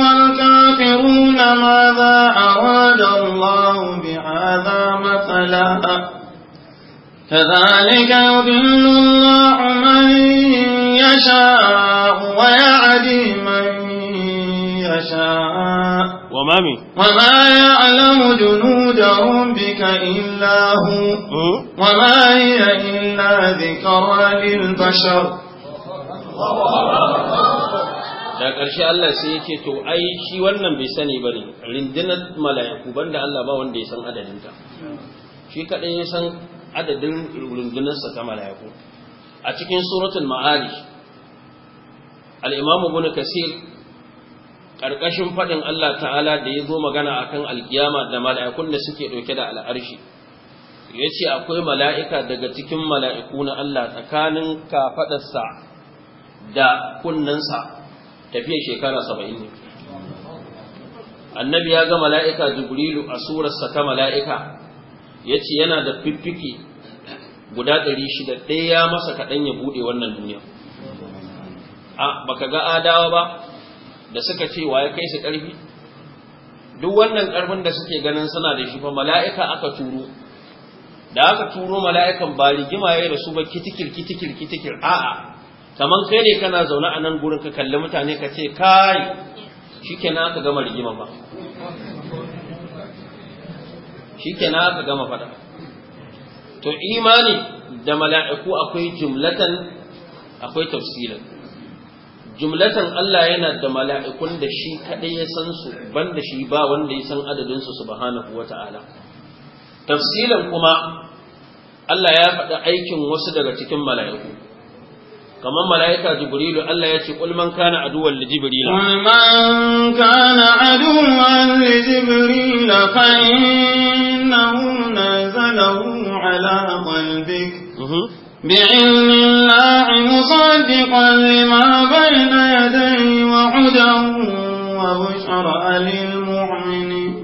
والكافرون ماذا أراد الله بهذا مثلا كذلك يضل الله من يشاء ويعدي من يشاء وما من وما يعلم جنود ربك إلا هو وما هي إلا ذكرى للبشر da ƙarshe Allah sai yake ce to ai shi wannan bai sani ba ne rindinar mala'iku banda Allah ba wanda ya san adadin ta, shi kadan ya san adadin rundunarsa ta mala'iku a cikin suratul ma'arij al imamu ibn kasir karkashin fadin Allah ta'ala da ya zo magana akan alkiyama da mala'ikun da suke dauke da al'arshi yace akwai mala'ika daga cikin mala'iku na Allah tsakanin kafadarsa da kunnansa tafiya shekara 70 annabi ya ga mala'ika jibrilu a surarsa ta mala'ika yace yana da fiffiki guda ɗari shida ɗaya ya masa kaɗan ya buɗe wannan duniya a baka ga adawa ba da suka ce wa ya kai su ƙarfi duk wannan ƙarfin da suke ganin suna da shi fa mala'ika aka turo da aka turo mala'ikan ba rigima ya da su ba kitikir kitikir kitikir a'a kaman kai ne kana zaune a nan gurin ka kalli mutane ka ce kai na aka gama rigima ba na aka gama fada to imani da mala'iku akwai jumlatan akwai tafsilan jumlatan Allah yana da mala'ikun da shi kaɗai ya san su banda shi ba wanda ya san adadin su subhanahu wata'ala tafsilan kuma Allah ya faɗi aikin wasu daga cikin mala'iku kamar mala'ika jibrilu Allah ya ce qul man kana aduwwan li jibril qul man kana aduwwan li jibril fa innahu nazalahu ala qalbik بِعِلْمِ اللَّهِ مُصَدِّقًا لِمَا بَيْنَ يَدَيْهِ وَهُدًى وَبُشْرًى لِلْمُؤْمِنِينَ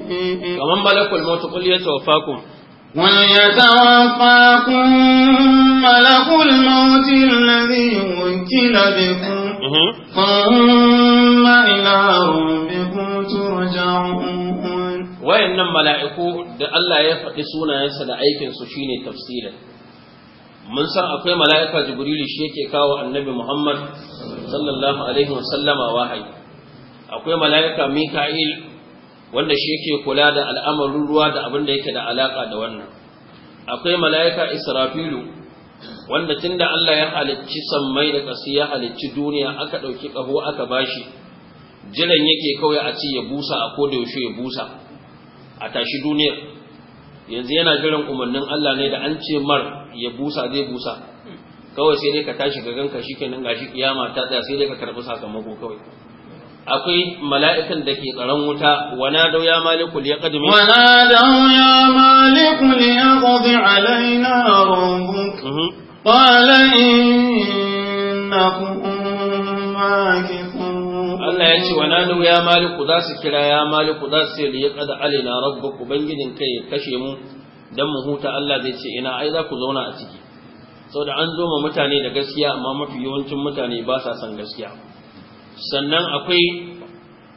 كَمَنْ مَلَكُ الْمَوْتِ قُلْ يَتَوَفَّاكُمْ وليتوفاكم ملك الموت الذي وكل بكم ثم إلى ربكم ترجعون wayannan mala'iku da Allah ya faɗi sunayensa da aikinsu shine tafsirin mun san akwai mala'ika jibrilu shi yake kawo annabi Muhammad sallallahu alaihi wasallama wahayi akwai mala'ika Mika'il wanda shi yake kula da al'amarin ruwa da abin da yake da alaka da wannan akwai mala'ika israfilu wanda tunda Allah ya halicci sammai da ƙasi ya halicci duniya aka ɗauki ƙaho aka bashi jiran yake kawai a ce ya busa a koda yaushe ya busa a tashi duniyar yanzu yana jiran umarnin Allah ne da an ce mar ya busa zai busa kawai sai dai ka tashi ga ganka shikenan gashi kiyama ta tsaya sai dai ka karɓi sakamako kawai akwai mala'ikan da ke tsaron wuta wana nadau ya maliku ya kadimi wana nadau ya maliku ya qadi alaina rabbuk mhm. qala innakum makithun Allah ya ce wana nadau ya maliku za su kira ya maliku za su yi ya na alaina ku ubangijin kai ya kashe mu don mu huta Allah zai ce ina ai za ku zauna a ciki saboda an zo ma mutane da gaskiya amma mafi yawancin mutane ba sa son gaskiya sannan akwai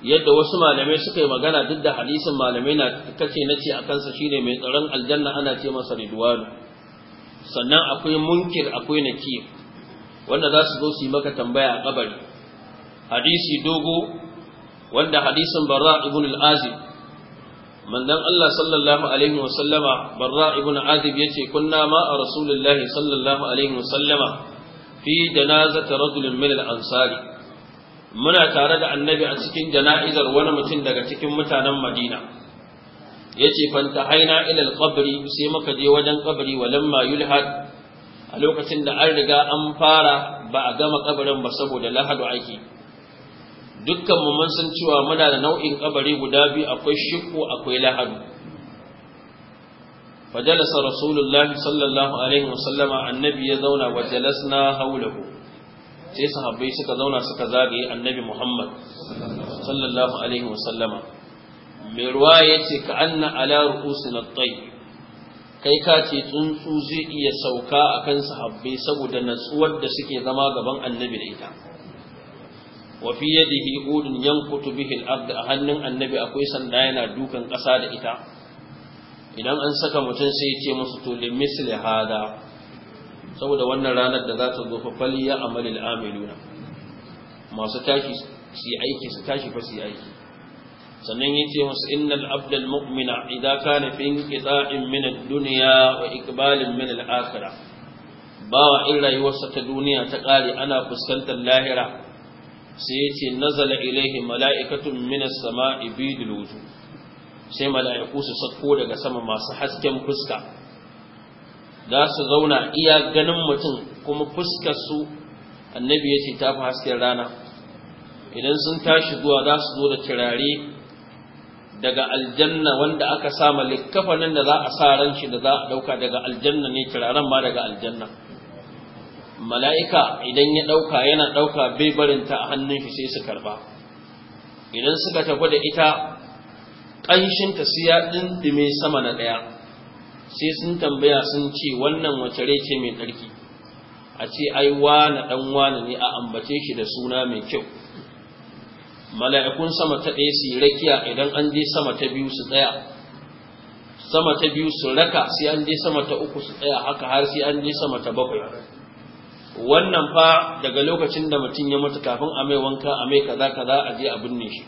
yadda wasu malamai suka yi magana duk da hadisin malamai na kace na ce a kansa shine mai tsaron aljanna ana ce masa ridwanu sannan akwai munkir akwai nakir wanda za su zo su yi maka tambaya a kabari hadisi dogo wanda hadisin barra ibn al-azib manzon Allah sallallahu alaihi wa sallama barra ibn azib yace kunna ma a rasulullahi sallallahu alaihi wa sallama fi janazati rajulin min al-ansari muna tare da annabi a cikin jana'izar wani mutum daga cikin mutanen madina ya ce fanta haina ilal kabri sai muka je wajen kabari walamma yulhad a lokacin da an riga an fara ba a gama kabarin ba saboda lahadu aiki dukkan mu mun san cewa muna da nau'in kabari guda biyu akwai shiku akwai lahadu fajalasa rasulullahi sallallahu alaihi wasallama annabi ya zauna wa jalasna haulahu sai sahabbai suka zauna suka zagaye annabi Muhammad sallallahu alaihi wasallama mai ruwa ya ce ka anna ala ru'usin at-tay kai ka ce tsuntsu zai iya sauka akan sahabbai saboda natsuwar da suke zama gaban annabi da ita wa fi yadihi udun yankutu bihi al-ard a hannun annabi akwai sanda yana dukan ƙasa da ita idan an saka mutum sai ya ce musu to limisli hada saboda wannan ranar da za ta zo fa fal ya amalil amiluna masu tashi su aiki su tashi fa su aiki sannan yace masu innal abdal mu'mina idan kana fi inqita'in min ad-dunya wa iqbalin min al-akhirah bawa in rayuwarsa ta duniya ta kare ana fuskantar lahira sai ce nazala ilaihi mala'ikatun min as-sama'i bidul wujuh sai mala'iku su sako daga sama masu hasken fuska za su zauna iya ganin mutum kuma fuskar su annabi ya ce ta fi hasken rana idan sun tashi zuwa za su zo da turare daga aljanna wanda aka sama likkafanin da za a sa ran shi da za a dauka daga aljanna ne turaren ma daga aljanna mala'ika idan ya dauka yana dauka bai barinta a hannun shi sai su karba idan suka tafi da ita ƙanshinta su ya ɗinɗime sama na ɗaya sai sun tambaya sun ce wannan wace rai ce mai tsarki a ce ai wane dan wane ne a ambace shi da suna mai kyau mala'ikun sama ta ɗaya su rakiya idan an je sama ta biyu su tsaya sama ta biyu su raka sai an je sama ta uku su tsaya haka har sai an je sama ta bakwai wannan fa daga lokacin da mutum ya mutu kafin a mai wanka a mai kaza kaza a je a binne shi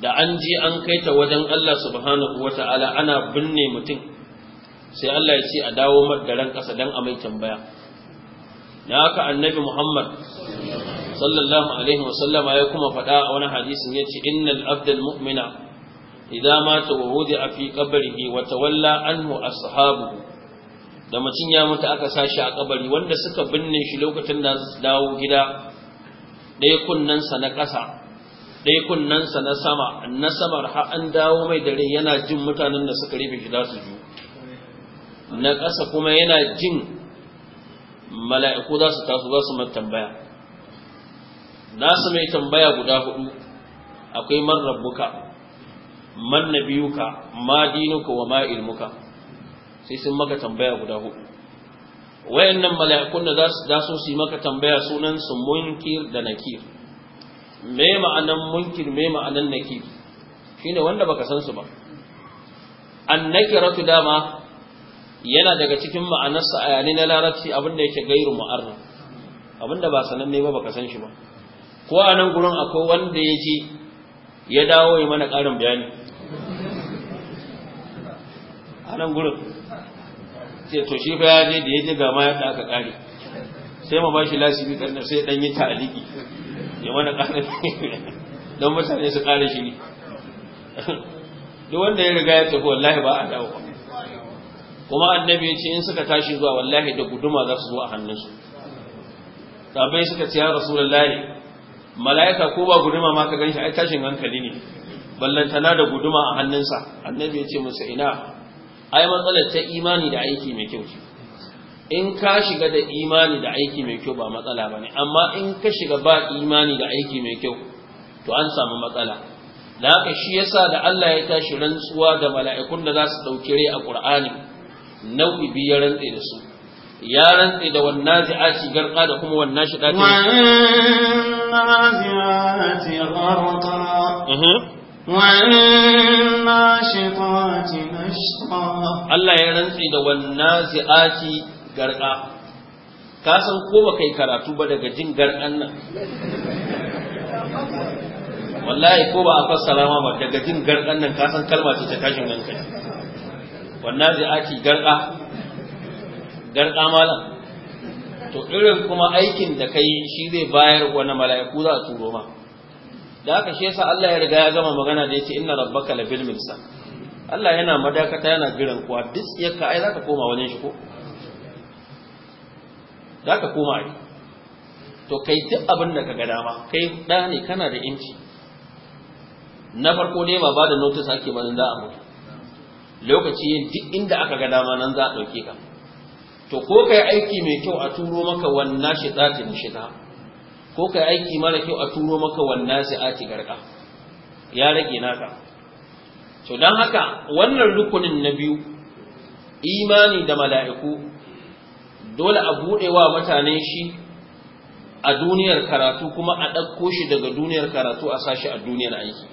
da an je an kai ta wajen Allah subhanahu wata'ala ana binne mutum sai Allah ya ce a dawo maddaren kasa ƙasa don a mai tambaya na haka annabi Muhammad sallallahu alaihi wasallama ya kuma faɗa a wani hadisin ya ce innal abdal mu'mina idza mata wa a fi qabrihi wa tawalla anhu ashabu da mutum ya mutu aka sashi a kabari wanda suka binne shi lokacin da dawo gida ɗaya kunnensa na ƙasa ɗaya kunnensa na sama na samar har an dawo mai dare yana jin mutanen da suka rufe shi za su ju na ƙasa kuma yana jin mala'iku za su taso za su tambaya su mai tambaya guda hudu akwai man rabbuka man na ka, ma dinuka wa ma ilmuka sai sun maka tambaya guda hudu wayannan mala'ikun da za su su yi maka tambaya sunan su munkir da nakir me ma'anan munkir me ma'anan nakir ne wanda baka san su ba nakiratu dama yana daga cikin ma'anarsa a yare na larabci abinda yake gairu mu'arraf abinda ba sananne ba baka san shi ba ko a nan gurin akwai wanda ya ji ya dawo ya mana ƙarin bayani a nan gurin sai to shi fa ya je da ya je ga ma yadda aka ƙare sai ma bashi lasibi kan sai dan yi taliki ya mana ƙarin don mutane su ƙare shi ne duk wanda ya riga ya tafi wallahi ba a dawo ba kuma annabi ya ce in suka tashi zuwa wallahi da guduma za su zo a hannunsu tabbai suka ce ya rasulullahi mala'ika ko ba guduma ma ka ganshi ai tashin hankali ne ballantana da guduma a hannunsa annabi ya ce musu ina ai matsalar ta imani da aiki mai kyau ce in ka shiga da imani da aiki mai kyau ba matsala bane amma in ka shiga ba imani da aiki mai kyau to an samu matsala da haka shi yasa da Allah ya tashi rantsuwa da mala'ikun da za su dauki rai a Qur'ani nau'i biyu ya rantse da su ya rantse da wannan zi'ati garka da kuma wannan shi dati Allah ya rantse da wannan zi'ati garka ka san ko ba kai karatu ba daga jin garkan nan wallahi ko ba a fassara ma ba daga jin garkan nan ka san kalma ce ta tashin hankali wannan zai garka garka malam to irin kuma aikin da kai shi zai bayar wani mala'iku za a turo ma da haka shi yasa Allah ya riga ya gama magana da yace inna rabbaka bil mirsad Allah yana madakata yana girin kuwa duk yakka ai zaka koma wajen shi ko zaka koma ai to kai duk abin da ka ga dama kai da ne kana da inci na farko ne ba ba da notice ake ba za a mutu lokaci yin duk inda aka ga dama nan za a ɗauke ka to ko kai aiki mai kyau a turo maka wannan shi tsati na shi ko kai aiki mara kyau a turo maka wannan shi ati garka ya rage naka to don haka wannan rukunin na biyu imani da mala'iku dole a wa mutane shi a duniyar karatu kuma a ɗauko shi daga duniyar karatu a sashi a duniyar aiki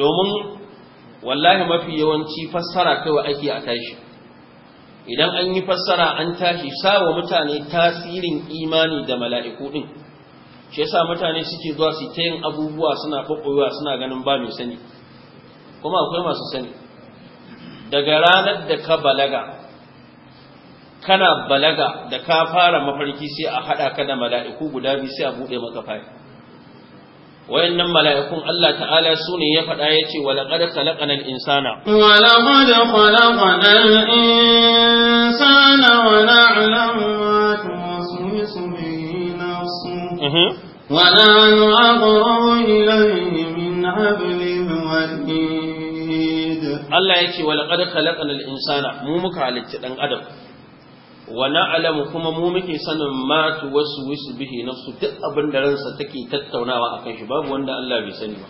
domin wallahi mafi yawanci fassara kawai ake a tashi idan an yi fassara an tashi sawa mutane tasirin imani da mala'iku din shi yasa mutane suke zuwa su ta yin abubuwa suna kokowa suna ganin ba mai sani kuma akwai masu sani daga ranar da ka balaga kana balaga da ka fara mafarki sai a haɗa ka da mala'iku guda biyu sai a buɗe maka fari wayannan mala'ikun Allah ta'ala su ne ya faɗa ya ce walaƙad khalaqanal insana walaƙad khalaqanal insana wa na'lamu ma tuwaswisu bihi nafsuhu mhm. wa la nu'aqrabu ilayhi min 'ablil warid Allah ya ce yake walaƙad khalaqanal insana mu muka halicci dan adam wa na'lamu kuma mu muke sanin ma tu wasu bihi nafsu duk abin da ransa take tattaunawa a kan shi babu wanda Allah bai sani ba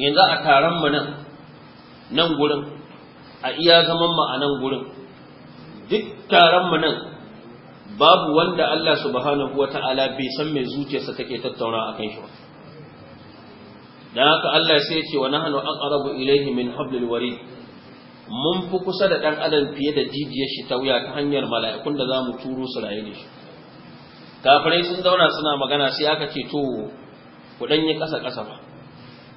yanzu a taron mu nan nan gurin a iya zaman mu a nan gurin duk taron mu nan babu wanda Allah subhanahu wata'ala bai san mai zuciyarsa take a kan shi ba dan haka Allah sai ya ce wa nahnu aqrabu ilayhi min hablil warid mun fi kusa da ɗan adam fiye da jijiyar shi ta wuya ta hanyar mala'ikun da za mu turo su raye da shi kafirai sun zauna suna magana sai aka ce to ku ɗan yi ƙasa ƙasa ba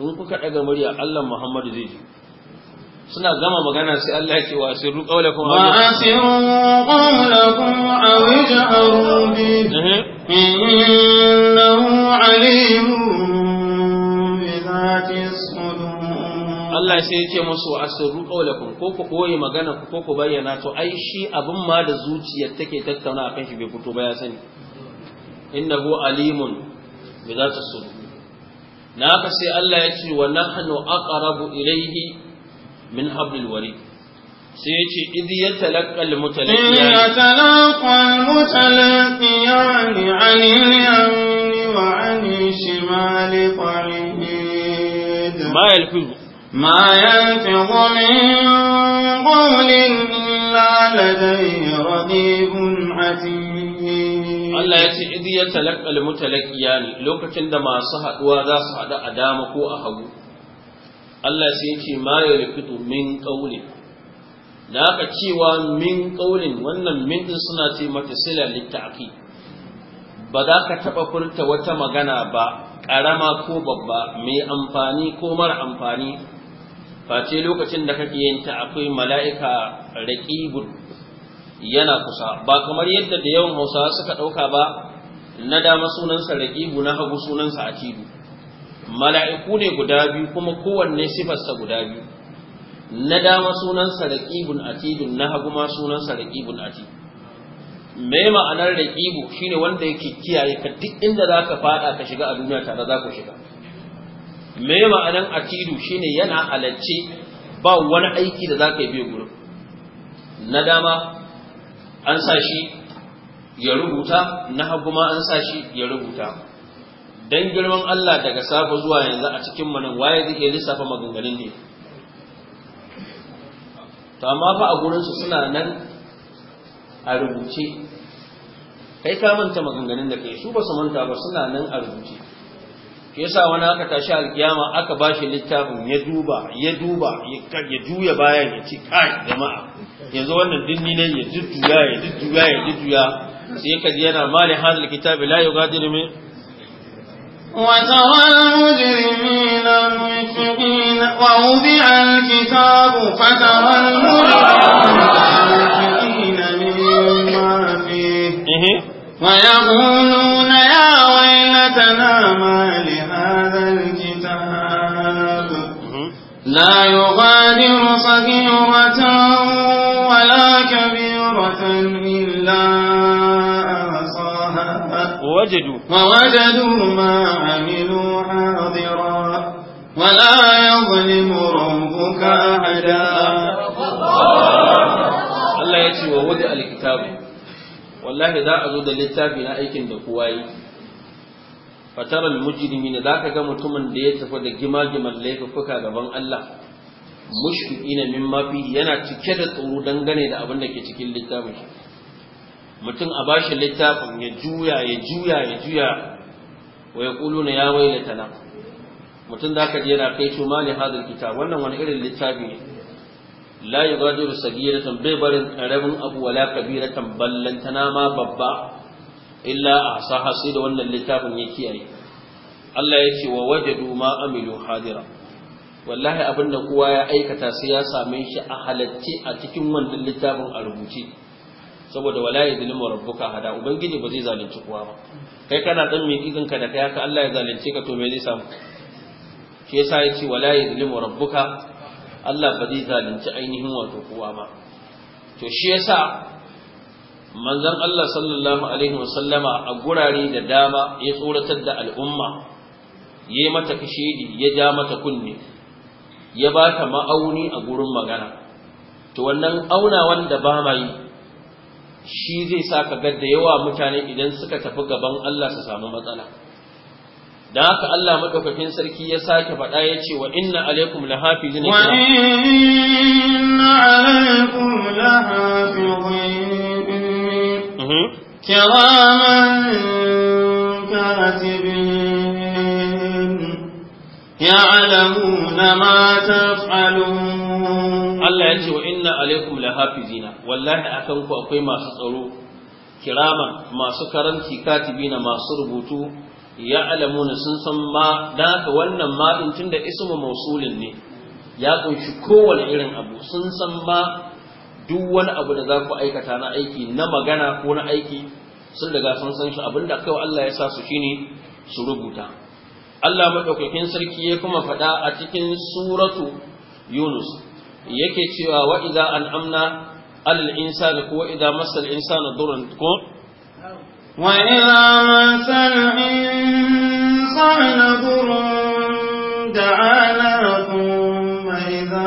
in kuka ɗaga murya allah muhammadu zai ji suna gama magana sai Allah ya ce wa asirru qawlakum wa asirru qawlakum aw ij'aru bi innahu alimun bi zati Allah sai ya ce musu asirru qawlakum ko ku koyi magana ko ku bayyana to ai shi abin ma da zuciyar take tattauna a kan shi bai fito ba ya sani innahu alimun bi ta sudur na haka sai Allah ya ce wa nahnu aqrabu ilayhi min hablil warid sai ya ce idi ya talaka almutalaqiyan ma yalfizu ما يلفظ من قول إلا لديه رديب عتيد Allah ya ce idi ya talakal mutalakiya ne lokacin da masu haɗuwa za su haɗu a dama ko a hagu Allah sai ce ma ya rikitu min ƙaunin. da aka cewa min ƙaunin, wannan min ɗin suna ce mata sila littafi ba za ka taɓa furta wata magana ba ƙarama ko babba mai amfani ko mara amfani face lokacin da kake yin ta akwai mala'ika raqibun yana kusa ba kamar yadda da yawan Hausa suka ɗauka ba na dama sunansa raqibu na hagu sunansa atibu mala'iku ne guda biyu kuma kowanne sifarsa guda biyu na dama sunansa raqibun atidun na hagu ma sunansa raqibun atid me ma'anar raqibu shine wanda yake kiyaye ka duk inda zaka fada ka shiga a duniya tare za ku shiga me ma'anan atidu shine yana halacce ba wani aiki da zaka yi bai gurin na dama an sa shi ya rubuta na hagu ma an sa shi ya rubuta dan girman Allah daga safa zuwa yanzu a cikin manan waye zai lissafa maganganun ne to amma fa a gurinsu suna nan a rubuce kai ka manta maganganun da kai su ba su manta ba suna nan a rubuce yasa wani aka tashi alkiyama aka ba shi littafin ya duba ya duba ya juya bayan ya ci kai jama'a yanzu wannan dinni ne ya jujjuya ya jujjuya ya jujjuya sai ka ji yana mali hadal kitabi la yugadiru min وترى المجرمين مشفقين ووضع الكتاب فترى المجرمين مما فيه ويقولون يا ويلتنا ما Mali. لا يغادر صغيرة ولا كبيرة إلا أعصاها ووجدوا ووجدوا ما عملوا حاضرا ولا يظلم ربك أحدا الله يتي ووضع الكتاب والله إذا أزود الكتاب لا أيكن دقوائي fataral mujrimin zaka ga mutumin da ya tafi da gimagiman laifuka gaban Allah mushfiqina mimma fi yana cike da tsoro dangane da abin da ke cikin littafin shi mutum a bashi littafin ya juya ya juya ya juya wa yaquluna ya waylatana mutum zaka je yana kai to mali hadal kitab wannan wani irin littafi ne la yughadiru sagiratan bai barin karamin abu wala kabiratan ballantana ma babba illa a saha sai da wannan littafin ya kiyaye Allah ya ce wa wajadu ma amilu hadira wallahi abinda kowa ya aikata sai ya same shi a halacce a cikin wannan littafin a rubuce saboda wala yadlimu rabbuka hada ubangiji ba zai zalunci kowa ba kai kana dan mai kizin ka da kai haka Allah ya zalunce ka to me zai samu shi yasa yace wala yadlimu rabbuka Allah ba zai zalunci ainihin wato kowa ba to shi yasa manzon Allah sallallahu alaihi wasallama a gurare da dama ya tsoratar da al'umma ya yi mata kashidi ya ja mata kunne ya ba ta ma'auni a gurin magana to wannan auna wanda ba ma yi shi zai sa ka ga da yawa mutane idan suka tafi gaban Allah su samu matsala Da haka Allah madaukakin sarki ya sake faɗa ya ce wa inna alaikum lahafizin wa inna alaikum كراما كاتبين يعلمون ما تفعلون الله يجي وإن عليكم لحافظين والله أكوف أقيم ما كراما ما في كاتبين ما سربوتوا يعلمون سنسا ما ذاك وأن ما إن تند اسم موصول ne ya kunshi kowane irin abu sun san ma duk wani abu da za ku aikata na aiki na magana ko na aiki sun daga sun san shi abinda wa Allah ya sa su shine su rubuta Allah madaukakin sarki ya kuma faɗa a cikin suratu Yunus yake cewa wa idza an'amna al insani ko idza masal insana durran ko wa idza masal insana durrun da'ana thumma idza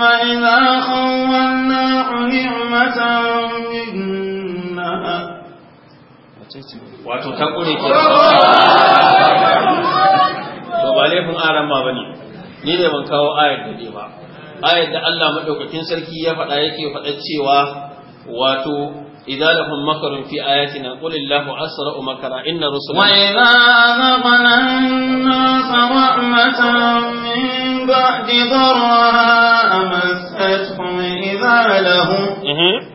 ثم إذا خولناه نعمة منا wato ta kure ke to ba laifin aran ma ne. ni ne ban kawo ayar da ba ayar da Allah maɗaukakin sarki ya faɗa yake faɗa cewa wato إذا لهم مكر في آياتنا قل الله أسرع مكرا إن رسلنا وإذا أذقنا الناس رحمة من بعد ضراء مستهم إذا لهم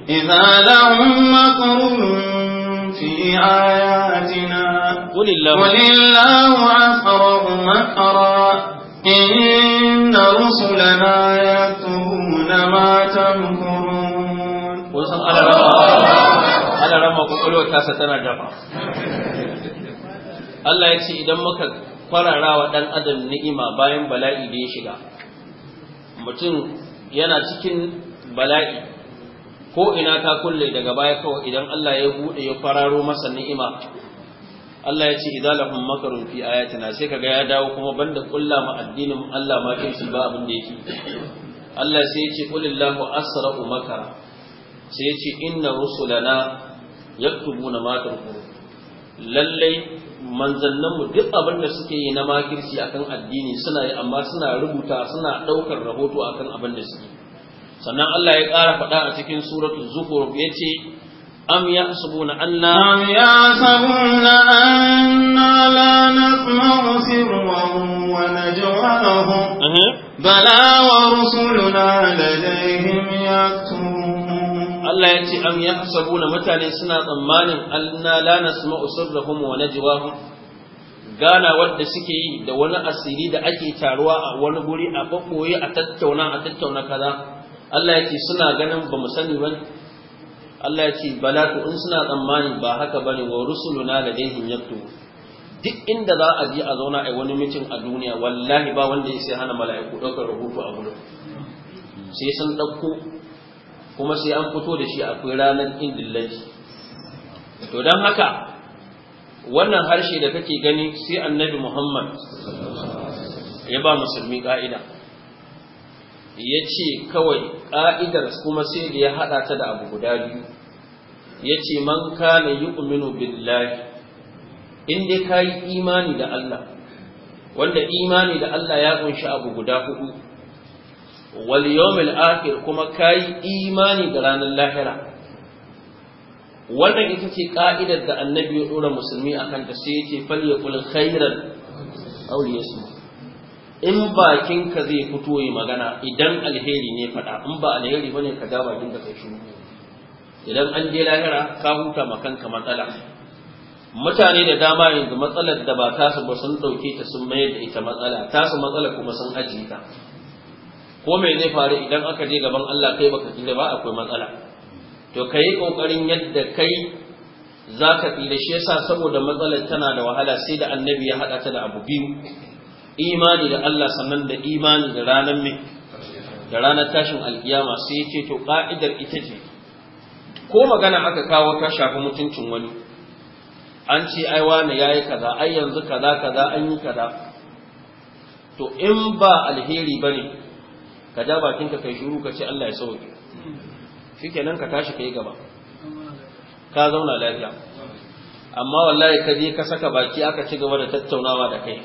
إذا لهم مكر في آياتنا قل الله قل الله أسرع مكرا إن رسلنا يكتبون ما تمكرون ko san ana rama ana tana dafa Allah ya ce idan muka kwarara wa dan adam ni'ima bayan bala'i da ya shiga mutum yana cikin bala'i ko ina ka kulle daga baya kawai idan Allah ya bude ya fararo masa ni'ima Allah ya ce idalahum makarun fi ayatina sai kaga ya dawo kuma banda kulla ma addinin Allah ma kai shi ba abin da yake Allah sai ya ce qulillahu asra'u makara sai ce inna rusulana yaktubuna ma tarku lallai manzanninmu duk abin da suke yi na makirci akan addini suna yi amma suna rubuta suna ɗaukar rahoto akan abin da suke sannan Allah ya ƙara faɗa a cikin suratul zukhruf yace أم يحسبون أن أم يحسبون أنا لا نسمع سرهم ونجواهم بلى ورسلنا لديهم يكتبون Allah ya ce am yahsabuna mutane suna tsammanin anna la da kuma wa najwahum gana wadda suke yi da wani asiri da ake taruwa a wani guri a babboye a tattauna a tattauna kaza Allah ya ce suna ganin ba mu sani ba Allah ya ce bala to in suna tsammanin ba haka bane wa rusuluna ladaihim yaktu duk inda za a je a zauna a wani mitin a duniya wallahi ba wanda ya sai hana mala'iku ɗaukar rubutu a gurin sai sun ɗauko kuma sai an fito da shi akwai ranar indillaci to don haka wannan harshe da kake gani sai annabi muhammad ya ba musulmi ka'ida. ya ce kawai ƙa'idar kuma sai da ya haɗa ta da abu guda biyu ya ce man kana yi uminu billahi inda ka yi imani da Allah wanda imani da Allah ya ƙunshi abu guda hudu wal yawmil akhir kuma kai imani da ranar lahira wannan ita ce ka'idar da annabi ya dora musulmi akan ta sai yace falyakul khairan aw liyasmut in bakinka zai fito yi magana idan alheri ne faɗa in ba alheri bane ka ja bakin ka sai idan an je lahira ka huta ma kanka matsala mutane da dama yanzu matsalar da ba tasu ba sun ɗauke ta sun mayar da ita matsala tasu matsala kuma sun ajiye ta ko me zai faru idan aka je gaban Allah kai baka tsira ba akwai matsala to kai kokarin yadda kai zaka tsira shi yasa saboda matsalar tana da wahala sai da annabi ya hada ta da abu biyu imani da Allah sannan da imani da ranar me da ranar tashin alkiyama sai yace to ka'idar ita ce ko magana aka kawo ta shafi mutuncin wani an ce ai wani yayi kaza ai yanzu kaza kaza an yi kaza to in ba alheri bane ka ja bakinka kai shuru ka ce Allah ya sauke shikenan ka tashi kai gaba ka zauna lafiya amma wallahi ka je ka saka baki aka ci gaba da tattaunawa da kai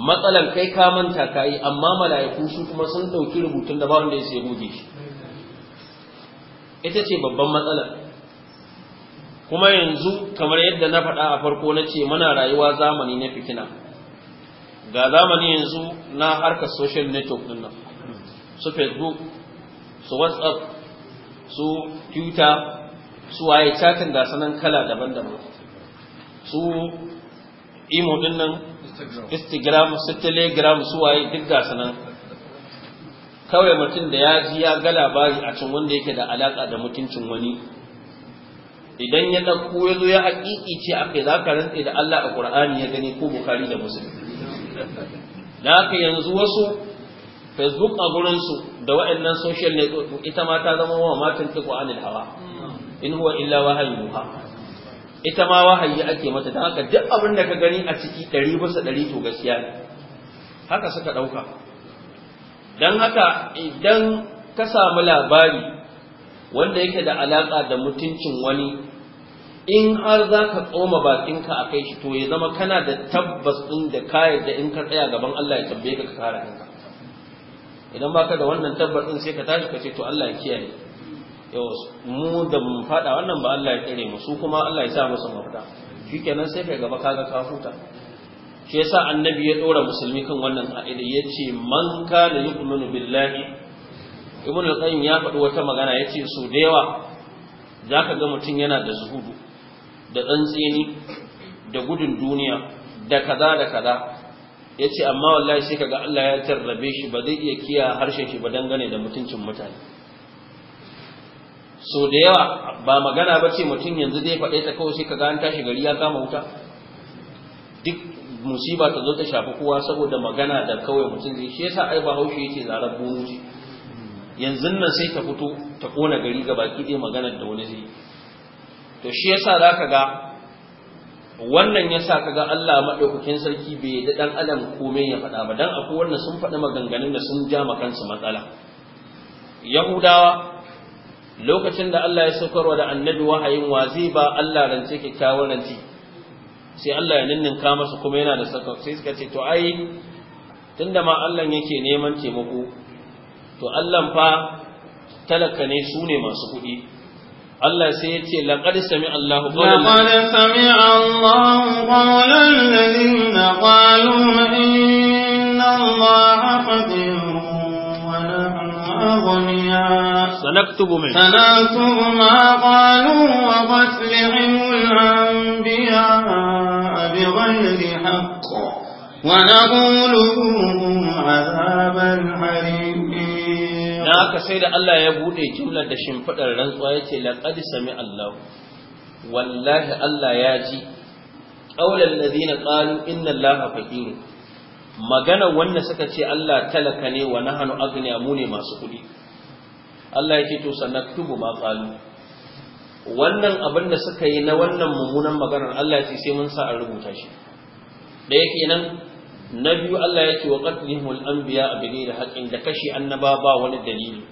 matsalan kai ka manta kai amma mala'iku su kuma sun dauki rubutun da ba wanda ya sai goge shi ita ce babban matsalar kuma yanzu kamar yadda na faɗa a farko na ce muna rayuwa zamani na fitina ga zamani yanzu na harkar social network din nan su facebook su whatsapp su twitter su waye chatin ga sanan kala daban-daban su imo din nan instagram su telegram su waye duk ga sanan kawai mutum da ya ji ya ga labari a cin wanda yake da alaka da mutuncin wani idan ya ɗauko ya zo ya haƙiƙi ce aka za ka rantse da Allah a Ƙur'ani ya gani ko Bukhari da Muslim da haka yanzu wasu facebook a gurinsu da waɗannan social network ita ma ta zama wa matan tuku anil hawa in huwa illa wahayi yuha ita ma wahayi ake mata don haka duk abin da ka gani a ciki ɗari bisa ɗari to gaskiya ne haka suka ɗauka don haka idan ka samu labari wanda yake da alaƙa da mutuncin wani in har za ka tsoma bakinka a kai shi to ya zama kana da tabbas ɗin da ka da in ka tsaya gaban Allah ya tambaye ka ka kare kanka idan baka da wannan tabbatin sai ka tashi ka ce to Allah ya kiyaye yau mu da mun fada wannan ba Allah ya tsare mu su kuma Allah ya sa musu mafita shikenan sai kai gaba kaga ka huta shi yasa annabi ya dora musulmi kan wannan ya yace man kana yu'minu billahi ibnu al-qayyim ya faɗi wata magana yace su da yawa zaka ga mutum yana da zuhudu da tsantseni da gudun duniya da kaza da kaza ya ce amma wallahi sai kaga Allah ya tarrabe shi ba zai iya kiya harshen shi ba dangane da mutuncin mutane so da yawa ba magana ba ce mutum yanzu zai faɗe ta kawai sai kaga an tashi gari ya kama wuta duk musiba ta zo ta shafi kowa saboda magana da kawai mutum zai shi yasa ai bahaushe yake zarar gonu ce yanzu nan sai ta fito ta kona gari ga baki ɗaya maganar da wani zai to shi yasa za ka ga wannan ya yasa ga Allah maɗaukakin sarki bai da ɗan adam komai ya faɗa ba dan akwai wannan sun faɗi maganganun da sun ja makansu matsala yahudawa lokacin da Allah ya saukarwa da annabi wahayin wazi ba Allah rance kyakkyawan rance sai Allah ya ninninka masa kuma yana da saka sai suka ce to ai tunda ma Allah yake neman taimako to Allah fa talaka ne su ne masu kuɗi Allah sai ya ce laqad sami Allahu qawlan laqad sami Allahu qawlan ladina qalu inna Allaha qadirun سنكتب ما سنكتب ما قالوا وقتلهم الأنبياء بغير حق ونقول عذاب الحريق na ka sai da Allah ya bude jumla da shimfidar rantsuwa yace laqad sami Allah wallahi Allah ya ji qaulal ladina qalu inna Allah faqir magana wanda suka ce Allah talaka ne wa nahanu agniya mu ne masu kudi Allah yake to sanaktubu ma qalu wannan abin da suka yi na wannan mummunan maganar Allah ya ce sai mun sa an rubuta shi da yake nan na biyu Allah ya ce wa qatlihimul anbiya abini da haqqin da kashi annaba ba wani dalili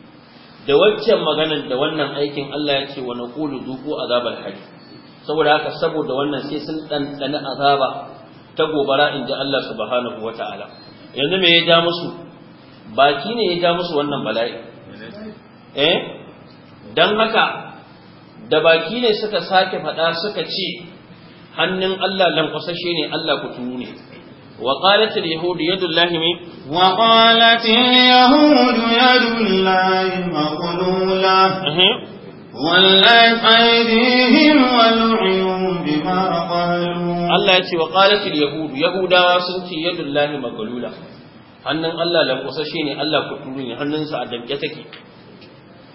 da waccan maganan da wannan aikin Allah ya ce wa naqulu duqu azabal hadi saboda haka saboda wannan sai sun dana azaba ta gobara inda Allah subhanahu wataala yanzu me ya ja musu baki ne ya ja musu wannan bala'i eh dan haka da baki ne suka sake faɗa suka ce hannun Allah lankwasashe ne Allah ku tunu ne وقالت اليهود يد الله وقالت اليهود يد الله مغلولة ولعت أيديهم ولعنوا بما قالوا الله يتي وقالت اليهود يهودا سنتي يد الله مغلولة hannun Allah lankwasashe ne Allah kuturu ne hannunsa a damke take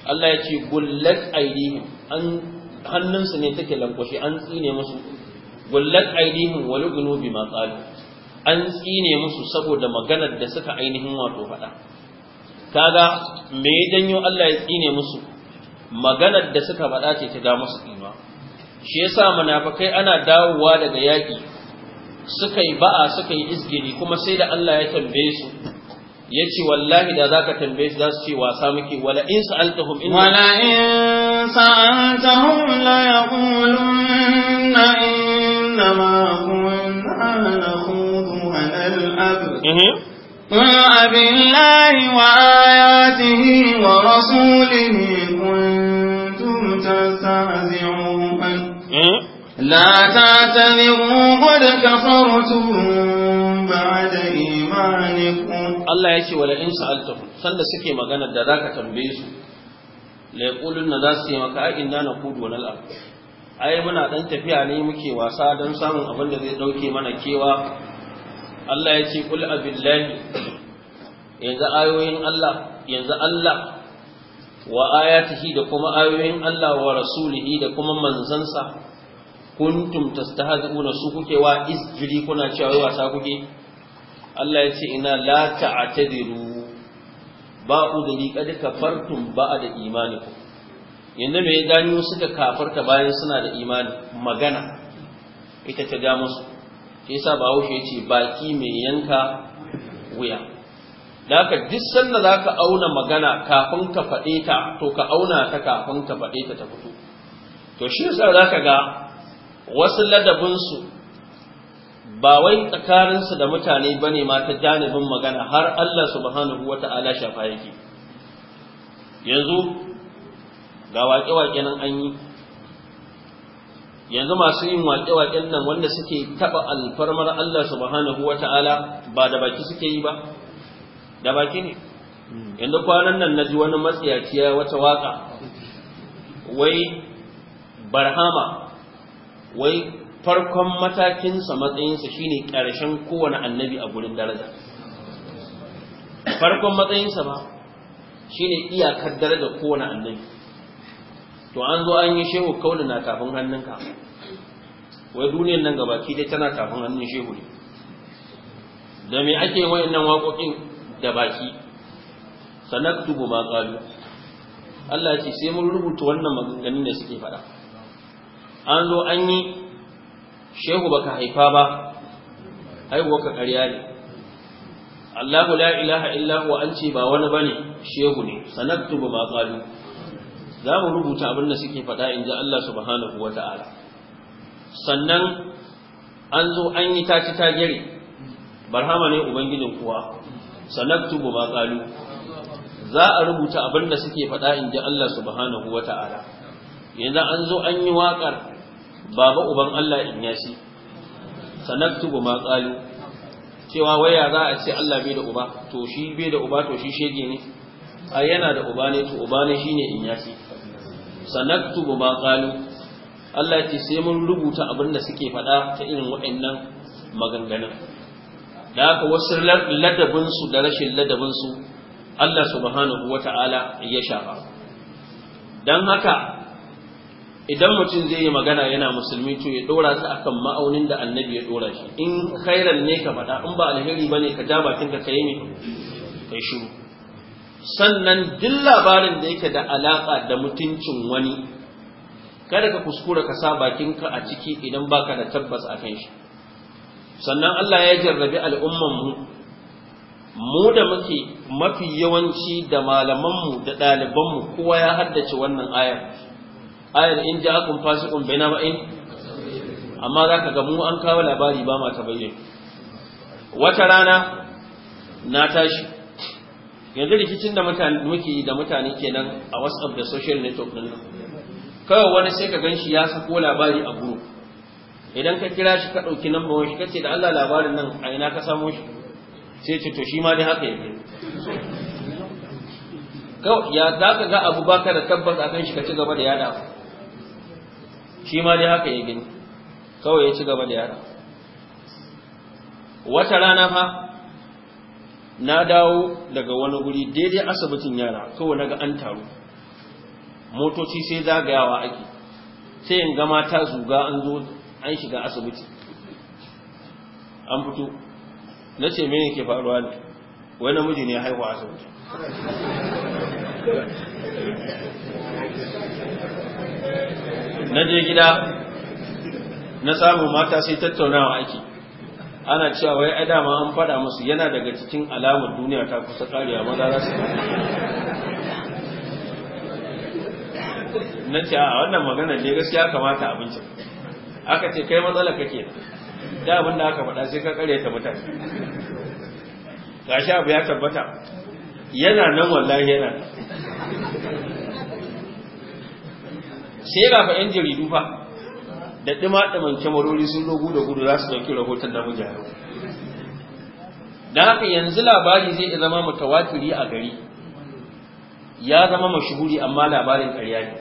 Allah ya ce gullat aidihim hannunsa ne take lankwashe an tsine musu gullat aidihim wal gunubi ma qalu an tsine musu saboda maganar da suka ainihin wato faɗa kaga me ya janyo Allah ya tsine musu maganar da suka faɗa ce ta da musu tsinuwa shi yasa munafikai ana dawowa daga yaki? suka yi ba'a suka yi izgiri kuma sai da Allah ya tambaye su ya ce wallahi da za tambaye su za su ce wasa muke wala in sa'altahum in wala in sa'altahum la yaqulunna in إنما كنا نخوض ونلعب قل أبالله وآياته ورسوله كنتم تستهزئون لا تعتذروا قد كفرتم بعد إيمانكم الله يشي ولا إن سألتهم سند سكي مغانا دراكة تنبيس ليقولون ذا سيما كأئنا نقود ونلعب ai muna dan tafiya ne muke wasa don samun abin da zai ɗauke mana kewa Allah ya ce kul abillahi yanzu ayoyin Allah yanzu Allah wa ayatihi da kuma ayoyin Allah wa rasulihi da kuma manzansa kuntum tastahzi'una su kuke wa isjiri kuna cewa wasa kuke Allah ya ce ina la ta'tadiru ba udri kad kafartum ba da imanikum yanzu mai janyo suka kafarta bayan suna da imani magana ita ta ja musu shi yasa bahaushe ya ce baki mai yanka wuya da haka duk sanda za ka auna magana kafin ka faɗe ta to ka auna ta kafin ka faɗe ta ta fito to shi yasa za ka ga wasu ladabinsu ba wai tsakaninsu da mutane ba ne ma ta janibin magana har Allah subhanahu wa ta'ala shafa yake yanzu ga waƙe-waƙe nan an yi yanzu masu yin waƙe-waƙen nan wanda suke taɓa alfarmar Allah subhanahu wa ta'ala ba da baki suke yi ba da baki ne yanzu kwanan nan na ji wani matsiyaciya wata waƙa wai barhama wai farkon matakinsa matsayinsa shine ƙarshen kowane annabi a gurin daraja farkon matsayinsa ba shine iyakar daraja kowane annabi to an zo an yi shehu kauli na tafin hannunka wai duniyan nan gabaki dai tana tafin hannun shehu ne da me ake wayannan waƙoƙin da baki sanaktubu ma qalu Allah ya ce sai mun rubuta wannan maganganun da suke faɗa an zo an yi shehu baka haifa ba haihuwarka ƙarya ne Allahu la ilaha illa huwa an ce ba wani bane shehu ne sanaktubu ma qalu za mu rubuta abin da suke faɗa in ji Allah subhanahu wa ta'ala sannan an zo an yi taci ta gere barhama ne ubangijin kuwa tubu ba qalu za a rubuta abin da suke faɗa in ji Allah subhanahu wa ta'ala yanzu an zo an yi waƙar baba uban Allah in ya yashi tubu ma qalu cewa waya za a ce Allah bai da uba to shi bai da uba to shi shege ne a yana da uba ne to uba ne shine in yashi sanaktubu ma qalu Allah ce sai mun rubuta abin da suke faɗa ta irin waɗannan maganganun da aka wasu ladabinsu da rashin ladabin su Allah subhanahu wata'ala ya shafa dan haka idan mutum zai yi magana yana musulmi to ya dora su akan ma'aunin da annabi ya dora shi in khairan ne ka faɗa in ba alheri bane ka ja bakin ka kai ne kai shiru sannan duk labarin da yake da alaƙa da mutuncin wani kada ka kuskura ka sa bakinka a ciki idan baka da tabbas a kan shi sannan Allah ya jarrabi al'umman mu mu da muke mafi yawanci da malamanmu da ɗalibanmu kowa ya haddace wannan ayar ayar in ji akun fasikun bai na ba'in amma za ka mu an kawo labari ba ma ta bayyana wata rana na tashi yanzu rikicin da mutane muke yi da mutane kenan a WhatsApp da social network din nan kawai wani sai ka ganshi ya sako labari a group idan ka kira shi ka dauki bawon shi ce da Allah labarin nan a ina ka samo shi sai ce to shi ma dai haka yake kawai ya za ka ga abu baka da tabbas a kan shi ka ci gaba da yada shi ma dai haka ya gani kawai ya ci gaba da yada wata rana fa na dawo daga wani guri daidai asibitin yara kawai naga an taru motoci sai zagayawa ake sai in ga mata zuga an zo an shiga asibiti an fito na ce mai ke faruwa ne wai namiji ne haihuwa asibiti na je gida na samu mata sai tattaunawa ake ana cewa wai ai dama an faɗa musu yana daga cikin alamar duniya ta kusa karewa maza za su na ce a wannan magana ne gaskiya kamata abincin aka ce kai matsala kake da abin da aka faɗa sai ka kare ta mutane gashi abu ya tabbata yana nan wallahi yana sai ga fa yan jaridu fa da ɗima kyamarori sun rogu da gudu za su ɗauki rahoton da a da haka yanzu labari zai zama mutawatiri a gari ya zama mashuhuri amma labarin ƙarya ne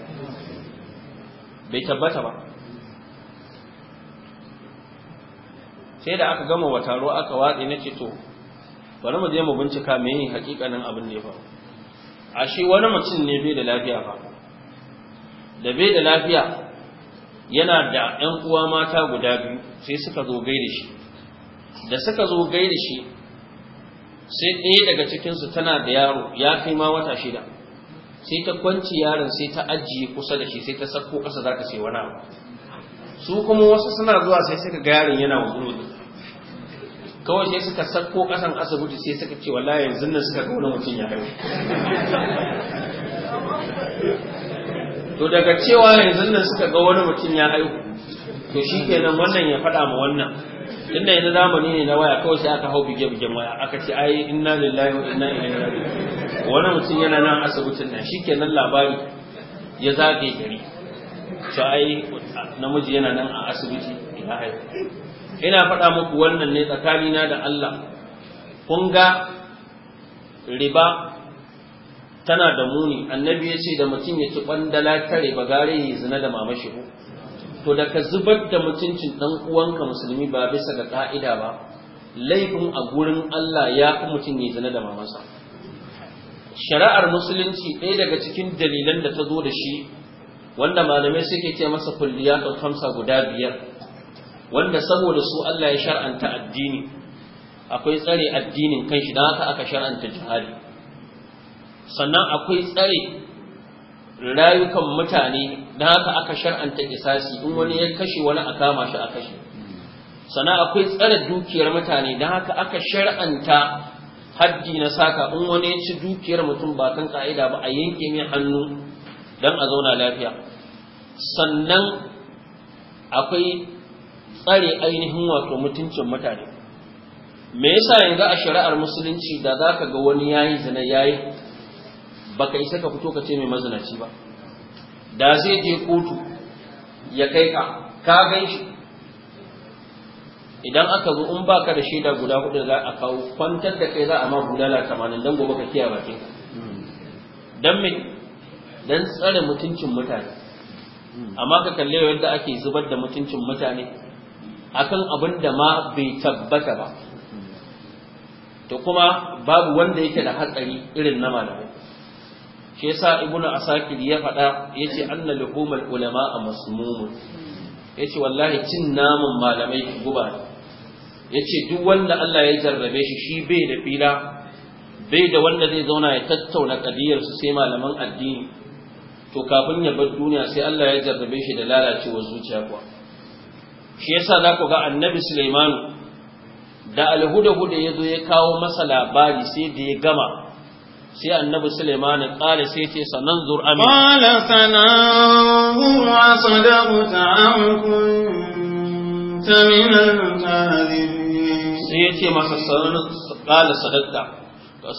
bai tabbata ba sai da aka gama wa taro aka watsi na ce to bari mu je mu bincika yin hakikanin abin da ya faru ashe wani mutum ne bai da lafiya ba da bai da lafiya yana da ‘yan uwa mata guda biyu sai suka zo gaida shi da suka zo gaida shi sai ɗaya daga cikinsu tana da yaro ya kai ma wata shida sai ta kwanci yaron sai ta ajiye kusa da shi sai ta sako ƙasa za ta sai wani abu su kuma wasu suna zuwa sai suka ga yaron yana wuzuru kawai sai suka sako ƙasan asibiti sai suka ce wallahi yanzu nan suka ga wani mutum ya haihu to daga cewa yanzu nan suka ga wani mutum ya haihu to shi kenan wannan ya faɗa ma wannan tunda yanzu zamani ne na waya kawai sai aka hau bige-bigen waya aka ce ai inna lillahi wa inna ilaihi raji'un wani mutum yana nan asibitin nan shikenan labari ya zage gari to ai namiji yana nan a asibiti ina haihu ina faɗa muku wannan ne tsakanina da Allah kun ga riba tana da muni annabi ya ce da mutum ya ci ɓandala kare ba gare ya zina da mama shi to da ka zubar da mutuncin dan uwanka musulmi ba bisa ga ƙa'ida ba laifin a gurin Allah ya fi mutum ya zina da mamansa shari'ar musulunci ɗaya daga cikin dalilan da ta zo da shi wanda malamai suke ce masa kulliyatul kamsa guda biyar wanda saboda su Allah ya shar'anta addini akwai tsare addinin kanshi don haka aka shar'anta jihadi sannan akwai tsare rayukan mutane da haka aka shar'anta isasi in wani ya kashe wani a kama shi a kashe sannan akwai tsare dukiyar mutane da haka aka shar'anta haddi na saka in wani ya ci dukiyar mutum ba kan ka'ida ba a yanke mai hannu don a zauna lafiya sannan akwai tsare ainihin wato mutuncin mutane me yasa yanzu a shari'ar musulunci da za ka ga wani yayi zina yayi baka isa ka fito ka ce mai mazinaci ba da zai je kotu ya kai ka ka gan shi idan aka zo in baka da shaida guda hudu za a kawo kwantar da kai za a ma bulala tamanin dan gobe ka kiya bakin dan me dan tsare mutuncin mutane amma ka kalle yadda ake zubar da mutuncin mutane akan abin da ma bai tabbata ba to kuma babu wanda yake da hatsari irin na malamai shi yasa ibnu asakir ya faɗa yace anna luhumul ulama a masmum yace wallahi cin namun malamai guba yace duk wanda Allah ya jarrabe shi shi bai da fila bai da wanda zai zauna ya tattauna kadiyar su sai malaman addini to kafin ya bar duniya sai Allah ya jarrabe shi da lalacewar zuciya kuwa shi yasa za ku ga annabi Suleimanu? da alhuda-huda ya zo ya kawo masa labari sai da ya gama sai annabi Sulaiman kala sai ce sanan zur amin qala sanan asadaqta am kunta min al-kadhibin sai ya ce masa sanan kala sadaqta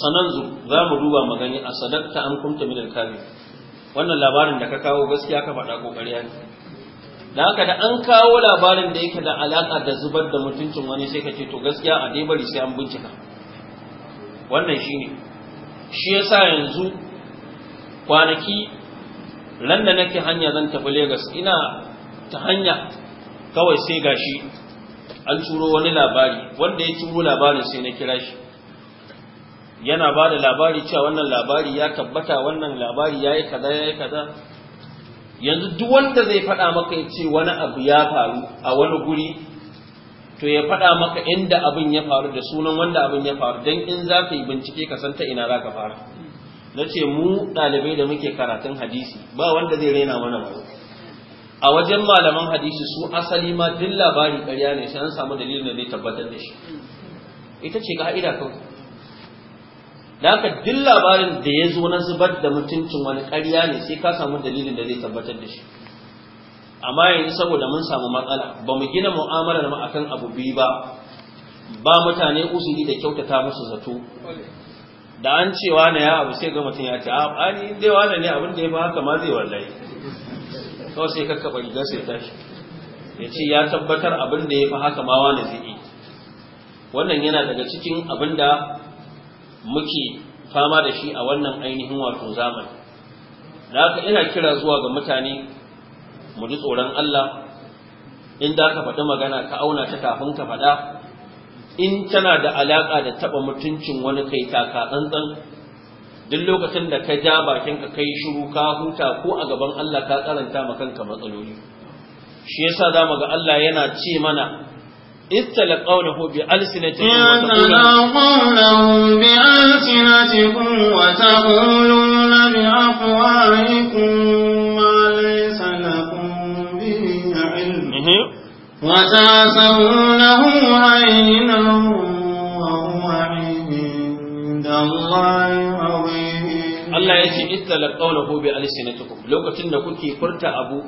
sanan zur za mu duba magani a sadaqta am kunta min al wannan labarin da ka kawo gaskiya ka faɗa kokariya ne da haka da an kawo labarin da yake da alaƙa da zubar da mutuncin wani sai ka ce to gaskiya a dai bari sai an bincika wannan shine shi yasa yanzu kwanaki nan da nake hanya zan tafi Legas ina ta hanya kawai sai gashi an turo wani labari wanda ya turo labarin sai na kira shi yana ba da labari cewa wannan labari ya tabbata wannan labari ya yi kaza ya yi kaza yanzu duk wanda zai faɗa maka ya ce wani abu ya faru a wani guri to ya faɗa maka inda abin ya faru da sunan wanda abin ya faru don in za ka yi bincike ka san ta ina za ka fara na ce mu ɗalibai da muke karatun hadisi ba wanda zai raina mana ba a wajen malaman hadisi su asali ma duk labari ƙarya ne sai an samu dalilin da zai tabbatar da shi ita ce ka'ida kawai da haka duk labarin da ya zo na zubar da mutuncin wani ƙarya ne sai ka samu dalilin da zai tabbatar da shi amma yanzu saboda mun samu matsala ba mu gina mu'amalar mu akan abu biyu ba ba mutane uzuri da kyautata musu zato da an cewa na ya abu sai ga mutum ya ce a ni, dai wani ne abin da ya ba haka ma zai wallahi kawai sai kakkaba riga sai tashi ya ce ya tabbatar abin da ya fi haka ma wani zai yi wannan yana daga cikin abin da muke fama da shi a wannan ainihin wato zamani da haka ina kira zuwa ga mutane mu ji tsoron Allah in da ka faɗi magana ka auna ta kafin ka faɗa in tana da alaƙa da taɓa mutuncin wani kai taka tsantsan duk lokacin da ka ja bakin ka kai shiru ka huta ko a gaban Allah ka karanta ma kanka matsaloli shi yasa mu ga Allah yana ce mana استل قوله بألسنتكم قوله بألسنتكم وتقولون بأفواهكم وتاسرونه عينا وهو عند الله Allah ya ce idda laqawlahu bi alsinatikum lokacin da kuke furta abu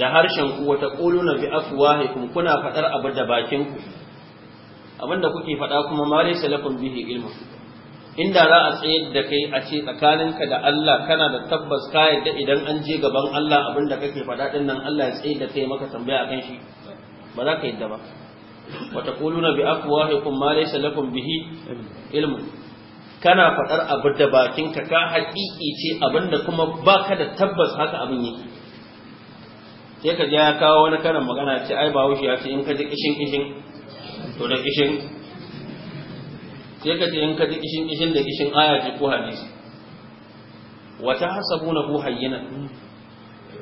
da harshen ku wata quluna bi afwahikum kuna fadar abu da bakin ku abinda kuke faɗa kuma ma laysa lakum bihi ilmu inda za a tsayar da kai a ce tsakaninka da Allah kana da tabbas ka yadda idan an je gaban Allah abin da kake faɗa din nan Allah ya tsayar da kai maka tambaya akan shi ba za ka yadda ba wa taquluna bi afwahikum ma laysa lakum bihi ilmu kana faɗar abu da bakinka ka haƙiƙi ce abin da kuma baka da tabbas haka abin yake sai ka ya kawo wani karin magana ce ai ba ya ce in ka ji kishin kishin to da kishin sai ka ce in ka ji kishin kishin da kishin aya ce ko hadisi wa tahsabunahu hayyinan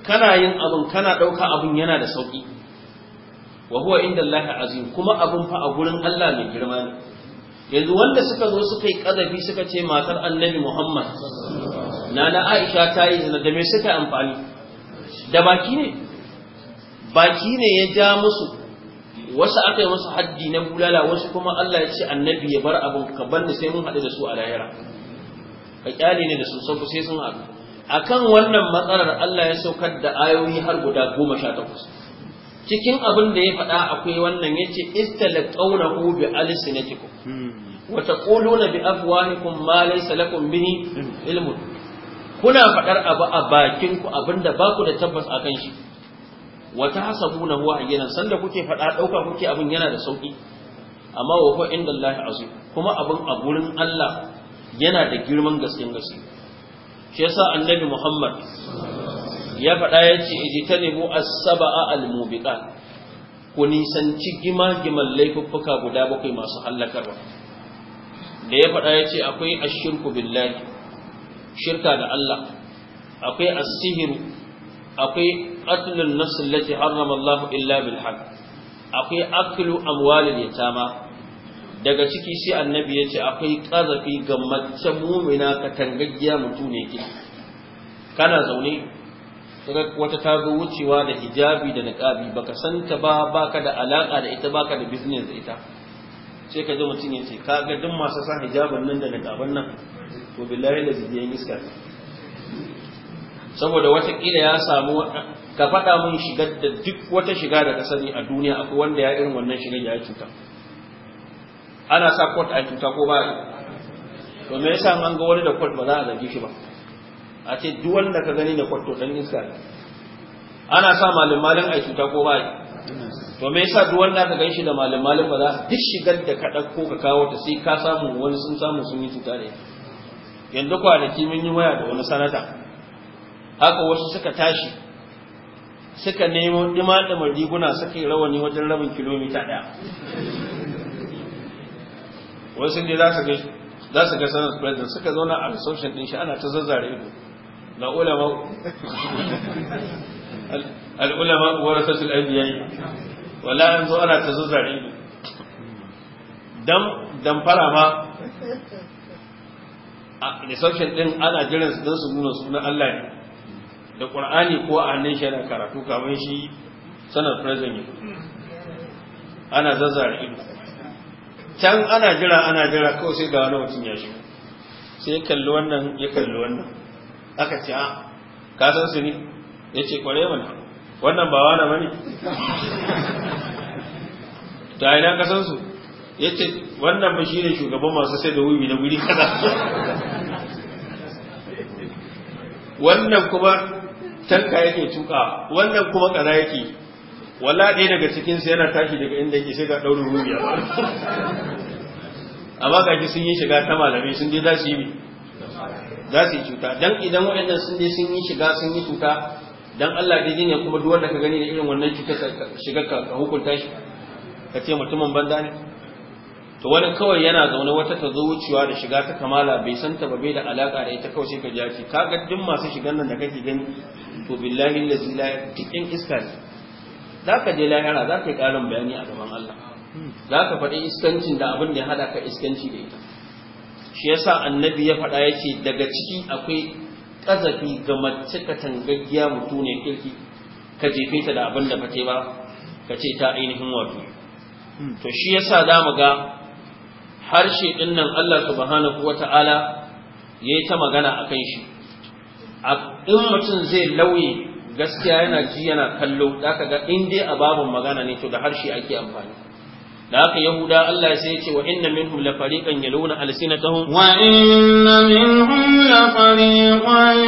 kana yin abin kana dauka abin yana da sauki wa huwa inda Allah azim kuma abin fa a gurin Allah mai girma ne yanzu wanda suka zo suka yi kadafi suka ce matar annabi Muhammad nana Aisha ta yi zina da me suka amfani da baki ne baki ne ya ja musu wasu aka yi musu haddi na bulala wasu kuma Allah ya ce annabi ya bar abin ka ni sai mun haɗu da su a lahira ka kyale ne da sun san sai sun haɗu A kan wannan matsalar Allah ya saukar da ayoyi har guda goma sha takwas cikin abin da ya faɗa akwai wannan ya ce istalaqawnahu bi alsinatikum hmm. wa taquluna bi afwahikum ma laysa lakum bihi ilmun kuna faɗar abu a bakinku abinda ba ku da tabbas akan shi wa na huwa gidan sanda kuke faɗa ɗauka kuke abin yana da sauki amma wa huwa inda Allah azim kuma abin a gurin Allah yana da girman gaskiyar gaske shi yasa annabi Muhammad ya faɗa ya ce ijtanibu as-sab'a al-mubiqat ku nisanci gima-giman laifuffuka guda bakwai masu hallakarwa da ya faɗa ya ce akwai ashirku billahi shirka da Allah akwai asihiru akwai qatlun nafs lati haram Allah illa bil haqq akwai aklu amwalil yatama daga ciki shi annabi ya ce akwai qazafi ga mace mu'mina ka tangaggiya mutune ki kana zaune wata ta zo wucewa da hijabi da niqabi baka ta ba baka da alaka da ita baka da business da ita sai ka ji mutum ya ce ka ga duk masu sa hijabin nan da niqaban nan to billahi la zidiyan iska saboda watakila ya samu ka faɗa mun shigar da duk wata shiga da ka sani a duniya akwai wanda ya irin wannan shigar ya cuta ana sa kwat a cuta ko ba to me yasa an ga wani da kwat ba za a zage shi ba a ce duk wanda ka gani da kwat to dan iska ana sa malin malin a cuta ko ba to me yasa duk wanda ka gani shi da malin malin ba za duk shigar da ka dauko ka kawo ta sai ka samu wani sun samu sun yi cuta ne yanzu kwanaki mun yi waya da wani sanata haka wasu suka tashi suka nemo dima da riguna suka yi rawani wajen rabin kilomita ɗaya wasu ne za su ga sanar president suka zauna a reception ɗin shi ana ta zazzare ido na ulama al'ulama warasatul anbiya'i wala an zo ana ta zazzare ido dan fara ma a reception din ana jiran su don su nuna sunan Allah ne da ƙur'ani ko a hannun shi karatu kamar shi sanar yi ana zazzara ido can ana jira ana jira kawai sai ga wani mutum ya shi sai ya kalli wannan ya kalli wannan aka ce a ah, ka su ne ya ce kware mana wannan ba wani mani ta ina ka su ya ce wannan ba shi ne shugaban masu sai da wuyi na wuri kaza wannan kuma tanka yake tuka wannan kuma kaza yake walla ɗaya daga cikin sai yana tashi daga inda yake sai ga daure rubiya amma ga sun yi shiga ta malamai sun je za su yi za su yi cuta dan idan waɗannan sun je sun yi shiga sun yi cuta dan Allah dai jinya kuma duk wanda ka gani da irin wannan cutar shiga ka hukunta shi ka ce mutumin banza ne to wani kawai yana zaune wata ta zo wucewa da shiga ta kamala bai san ta ba da alaka da ita kawai sai ka jaci kaga duk masu shigan nan da kake gani to billahi lillahi la cikin iska ne zaka je lahira zaka yi karin bayani a gaban Allah zaka faɗi iskancin da abin da ya hada ka iskanci da ita shi yasa annabi ya faɗa yace daga ciki akwai kazafi ga mace ka tangaggiya mutu ne kirki ka jefe ta da abin da ba ta ka ce ta ainihin wato hmm. to shi yasa zamu ga harshe ɗin nan Allah subhanahu wa ta'ala ya yi ta magana a kan shi ɗin mutum zai lauye gaskiya yana ji yana kallo da ka ga in dai a babin magana ne to da harshe ake amfani da haka yahuda Allah sai ya ce wa inna kan la fariqan yaluna alsinatahum wa inna minhum la fariqan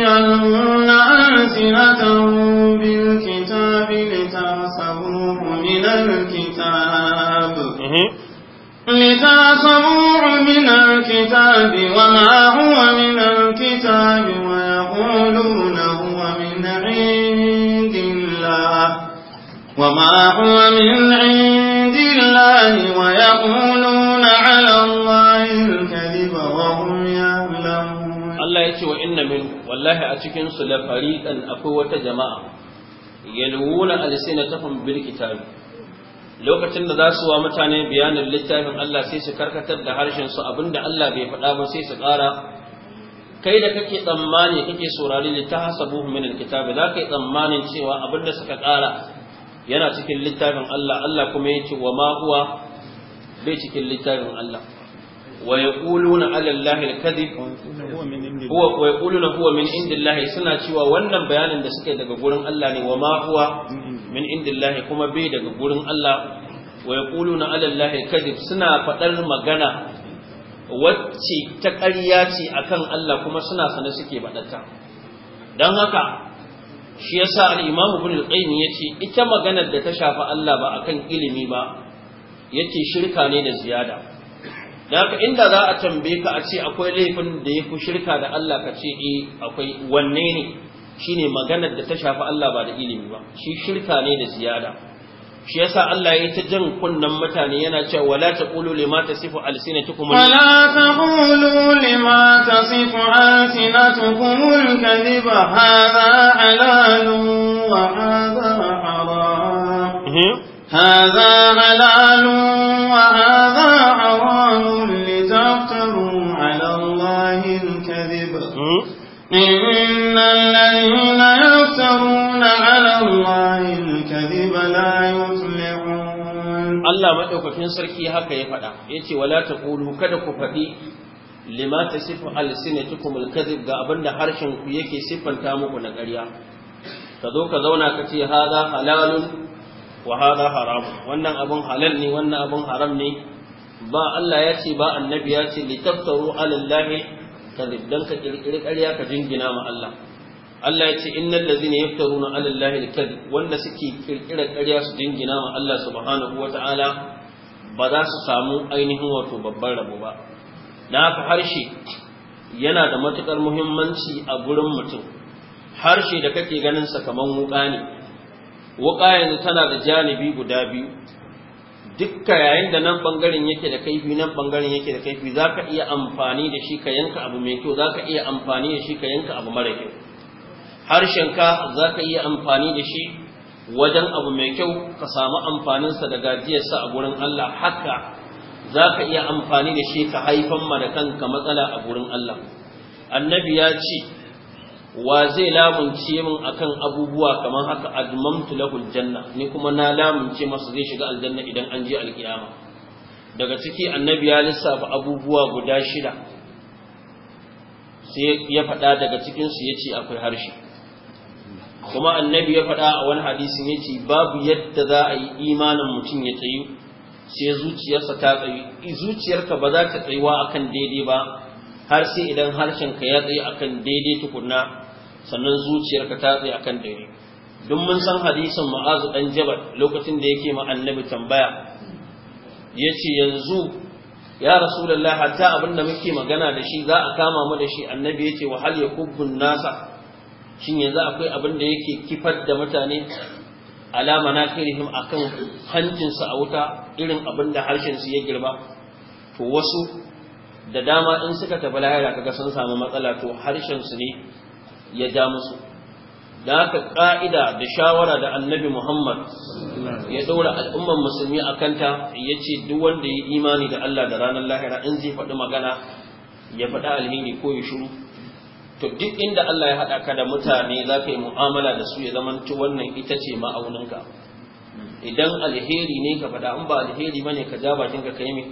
yaluna alsinatahum bil kitabi litasawwuhu min al kitab mhm. لذا سموع من الكتاب وما هو من الكتاب ويقولون هو من عند الله وما هو من عند الله ويقولون على الله الكذب وهم يعلمون الله يتي وإن من والله أتكن سلفريقا أقوة جماعة يلوون ألسنتهم بالكتاب lokacin da za su wa mutane bayanin littafin Allah sai su karkatar da harshen su abinda Allah bai faɗa ba sai su ƙara kai da kake tsammani kake saurari da ta hasabu min alkitabi za ka yi tsammanin cewa abinda suka ƙara yana cikin littafin Allah Allah kuma ya ce wa ma huwa bai cikin littafin Allah wa yaquluna ala allahi alkadhib huwa wa yaquluna huwa min indillahi suna cewa wannan bayanin da suke daga gurin Allah ne wa ma huwa min indillahi kuma bai daga gurin Allah wa yaquluna ala allahi alkadhib suna fadar magana wacce ta ƙarya ce akan Allah kuma suna sane suke badata dan haka shi yasa al-Imam Ibn al-Qayyim yace ita maganar da ta shafi Allah ba akan ilimi ba yace shirka ne da ziyada da haka inda za a tambaye ka a ce akwai laifin da ya fi shirka da Allah ka ce e akwai wanne ne shine maganar da ta shafi Allah ba da ilimi ba shi shirka ne da ziyada shi yasa Allah ya ta jan kunnan mutane yana cewa wala taqulu lima tasifu alsinatukum wala taqulu lima tasifu alsinatukum alkadhiba hadha halalun wa hadha haram mhm. hadha halalun wa hadha إن الذين يفترون على الله الكذب لا يفلحون الله مدوكاكين سركي هكا يفدا يتي ولا تقولوا kada ku faɗi lima tasifu alsinatukum alkadhib ga abinda harshen ku yake siffanta muku na ƙarya ka zo ka zauna ka ce hada halalun wa hada wannan halal ne wannan abun haram ne ba Allah ya ce ba annabi ya ce litaftaru ala dan ka kirkiri ƙarya ka jingina ma Allah Allah ya ce innal ladzina yaftaruna 'ala Allahi al wanda suke kirkira ƙarya su jingina ma Allah subhanahu wata'ala ba za su samu ainihin wato babban rabo ba na haka harshe yana da matukar muhimmanci a gurin mutum harshe da kake ganin sa kaman wuka ne wuka yanzu tana da janibi guda biyu dukka yayin da nan bangaren yake da kaifi nan bangaren yake da kaifi za ka iya amfani da shi ka yanka abu mai kyau za ka iya amfani da shi ka yanka abu mara kyau harshenka za ka iya amfani da shi wajen abu mai kyau ka samu amfaninsa da gajiyarsa a gurin Allah haka za ka iya amfani da shi ka haifan ma da kanka matsala a gurin Allah annabi ya ce wa zai lamunce min akan abubuwa kamar haka admamtu lahul janna ni kuma na lamunce masa zai shiga aljanna idan an je alkiyama daga ciki annabi ya lissafa abubuwa guda shida sai ya faɗa daga cikin su yace akwai harshe kuma annabi ya faɗa a wani hadisin yace babu yadda za a yi imanin mutum ya tsayu sai zuciyarsa ta tsayu zuciyarka ba za ta tsayuwa akan daidai ba har sai idan harshenka ya tsaye akan daidai tukunna sannan zuciyarka ta tsaye akan dare duk mun san hadisin ma'azu dan jabal lokacin da yake ma annabi tambaya yace yanzu ya rasulullahi hatta abinda muke magana da shi za a kama mu da shi annabi yace wa hal yakubbun nasa shin yanzu akwai abin da yake kifar da mutane alama na akan kan hancinsa a wuta irin abin da su ya girba to wasu da dama in suka tafi lahira kaga sun samu matsala to harshen su ne ya ja musu da haka ƙa'ida da shawara da annabi Muhammad ya ɗora al'ummar musulmi a kanta ya ce duk wanda ya imani da Allah da ranar lahira in zai faɗi magana ya faɗi alheri ko ya shuru to duk inda Allah ya haɗa ka da mutane za ka yi mu'amala da su ya zamanci wannan ita ce ma'auninka idan alheri ne ka faɗa in ba alheri ba ne ka ja bakinka ka yi mai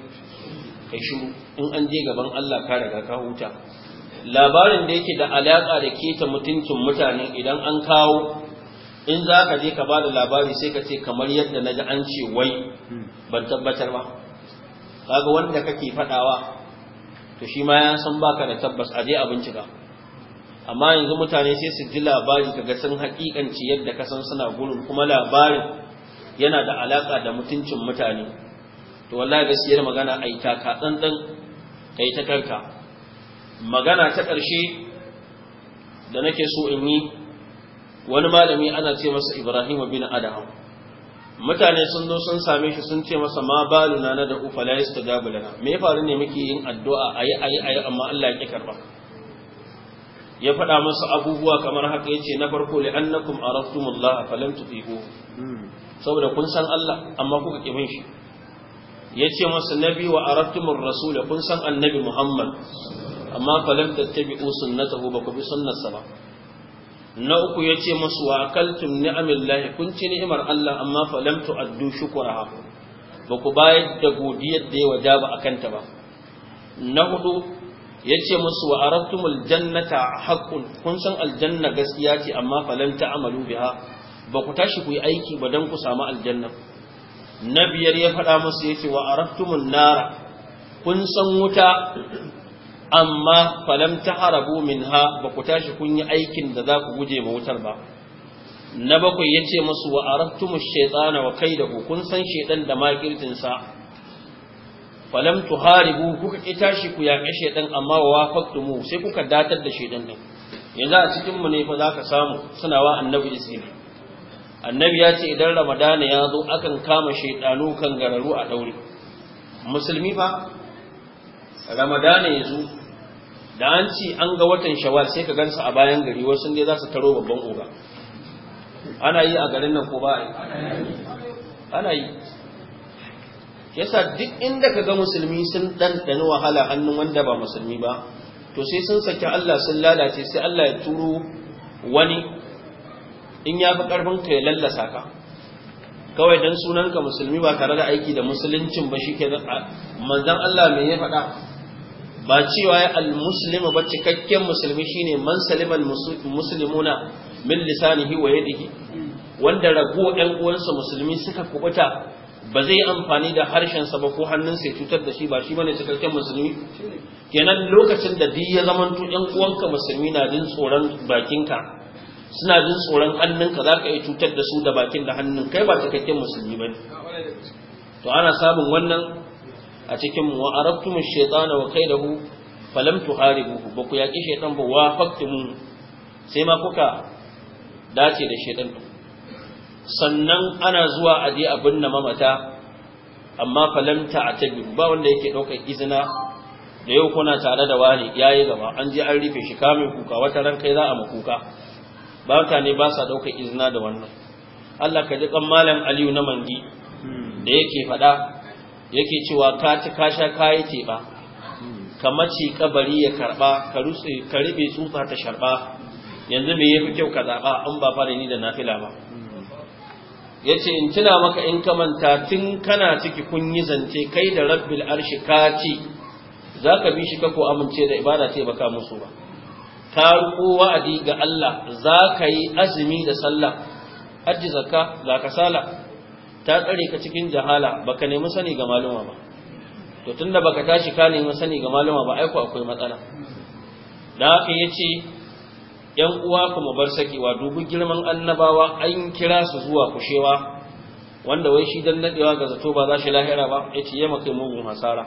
ka shuru in an je gaban Allah ka riga ka huta labarin da yake da alaƙa da keta mutuncin mutane idan an kawo in za ka je ka ba da labari sai ka ce kamar yadda na ji an ce wai ban tabbatar ba kaga wanda kake faɗawa to shi ma ya san baka da tabbas a je a bincika amma yanzu mutane sai su ji labari ka ga sun haƙiƙanci yadda ka san suna gurin kuma labarin yana da alaƙa da mutuncin mutane to wallahi gaskiyar magana ai ka tsantsan kai ta karka. magana ta ƙarshe da nake so in yi wani malami ana ce masa Ibrahim bin Adam mutane sun zo sun same shi sun ce masa ma baluna na da ufa la yastajabu lana me ya faru ne muke yin addu'a ayi ayi ayi amma Allah ya ki karba ya faɗa masa abubuwa kamar haka yace na farko li annakum araftumullah falam tufihu saboda kun san Allah amma kuka ki bin shi yace masa nabi wa araftumur rasul kun san annabi Muhammad amma falam tattabi'u sunnatahu ba ku bi sunnarsa ba na uku yace ce musu wa akaltum ni'amillahi kun ci ni'imar Allah amma falam tu'addu shukuraha ba ku bayar da godiyar da ya wajaba akan ta ba na hudu masu ce musu wa arattumul jannata haqqun kun san aljanna gaskiya ce amma falam ta'malu biha ba ku tashi ku yi aiki ba dan ku samu aljanna na biyar ya faɗa musu yace wa arattumun nara kun san wuta amma falam taharabu minha ba ku tashi kun yi aikin da za ku guje ma wutar ba na bakwai yace musu wa araftumu shaytana wa da kun san shaytan da makirtin sa falam tuharibu kuka ki tashi ku yaƙe shaytan amma wa wafaqtumu sai kuka datar da shaytan din yanzu a cikin mu ne fa za ka samu suna wa annabi isini annabi ya ce idan ramadana ya zo akan kama shaytanu kan gararu a daure musulmi fa ramadana ya zo da an ci an ga watan shawar sai ka gansa a bayan gari wasu ne za su taro babban oga ana yi a garin nan ko ba a yi ana yi yasa duk inda ka ga musulmi sun ɗanɗani wahala hannun wanda ba musulmi ba to sai sun saki Allah sun lalace sai Allah ya turo wani in ya fi ƙarfin ka ya lallasa ka kawai dan sunanka musulmi ba tare da aiki da musuluncin ba shi ke manzan Allah mai ya faɗa ba cewa ya al-muslimu ba cikakken musulmi shine man saliman muslimuna min lisanihi wa yadihi wanda rago ɗan uwansa musulmi suka kubuta ba zai amfani da harshen sa ba ko hannunsa ya cutar da shi ba shi bane cikakken musulmi kenan lokacin da duk ya to ɗan uwanka musulmi na jin tsoron bakinka suna jin tsoron hannunka za ka iya cutar da su da bakin da hannun kai ba cikakken musulmi bane to ana samun wannan a cikin mu wa arabtum shaytana wa kaidahu falam tuharibuhu ba ku yaki shaytan ba wafaqtum sai ma kuka dace da shaytan sannan ana zuwa a je abin na mamata amma falam ta'tabi ba wanda yake daukar izina da yau kuna tare da wani yayi gaba an je an rufe shi kamin kuka wata ran kai za a kuka. ba ka ne ba sa daukar izina da wannan Allah ka ji kan malam Aliyu na mangi da yake faɗa yake cewa ka ci ka sha ka yi teɓa ka mace kabari ya karɓa ka riɓe tsufa ta sharɓa yanzu me yafi kyau ka zaɓa an ba fara ni da nafila ba Yace in tuna maka in ka manta tun kana ciki kun yi zance kai da rabbil arshi ka ci za ka bi shi ka ko amince da ibada ce baka musu ba Ta riko wa'adi ga Allah za ka yi azumi da sallah hajji zakka ka sala. ta tsare ka cikin jahala baka nemi sani ga maluma ba to tunda baka tashi ka nemi sani ga maluma ba aiko akwai matsala da haka yace yan uwa ku kuma bar wa, dubi girman annabawa an kira su zuwa kushewa wanda wai shi dan nadewa ga zato ba za shi lahira ba yace ya kai mugun hasara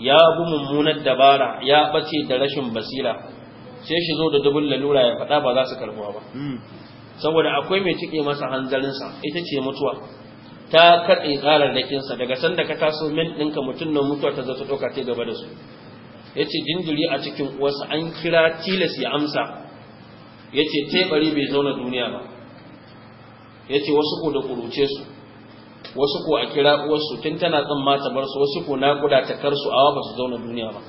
ya bu mummunar dabara ya ɓace da rashin basira sai shi zo da dubun lalura ya faɗa ba za su karbuwa ba hmm. saboda akwai mai cike masa hanzarinsa ita ce mutuwa ta karɗe ƙararrakinsa daga sanda ka taso min ɗinka mutum na mutuwa ta zata ɗauka ta gaba da su ya ce jinjiri a cikin wasu an kira tilas ya amsa ya ce teɓari bai zauna duniya ba ya ce wasu ko da ƙuruce su wasu ko a kira uwarsu tun tana tsan mata bar su wasu ko naƙuda ta kar su awa ba su zauna duniya ba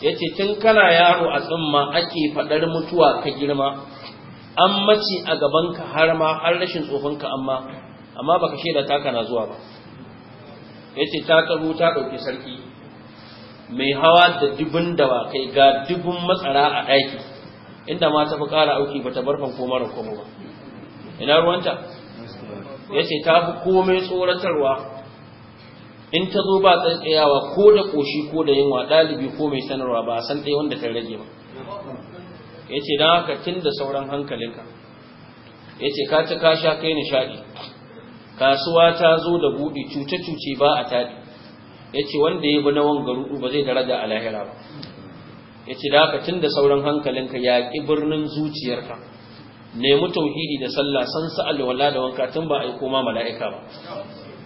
ya ce tun kana yaro a tsumma ake faɗar mutuwa ka girma an mace a gabanka har ma har rashin ka amma amma baka shaida taka na zuwa ba yace ta karu ta dauki sarki mai hawa da dubun dawakai ga dubun matsara a daki inda ma ta fi ƙara auki bata barfan ko mara komo ba ina ruwanta yace ta fi komai tsoratarwa in ta zo ba tsayawa ko da koshi ko da yunwa ɗalibi ko mai sanarwa ba san ɗaya wanda ta rage ba ya ce don haka tun da sauran hankalinka ya ce ka ci ka sha kai nishaɗi kasuwa ta zo da buɗe cuce-cuce ba a taɗi ya ce wanda ya bi na wanga rudu ba zai daraja a lahira ba ya ce da haka tun da sauran hankalinka ya ƙi birnin zuciyarka nemi tauhidi da sallah san sa'al da wanka tun ba aiko ma mala'ika ba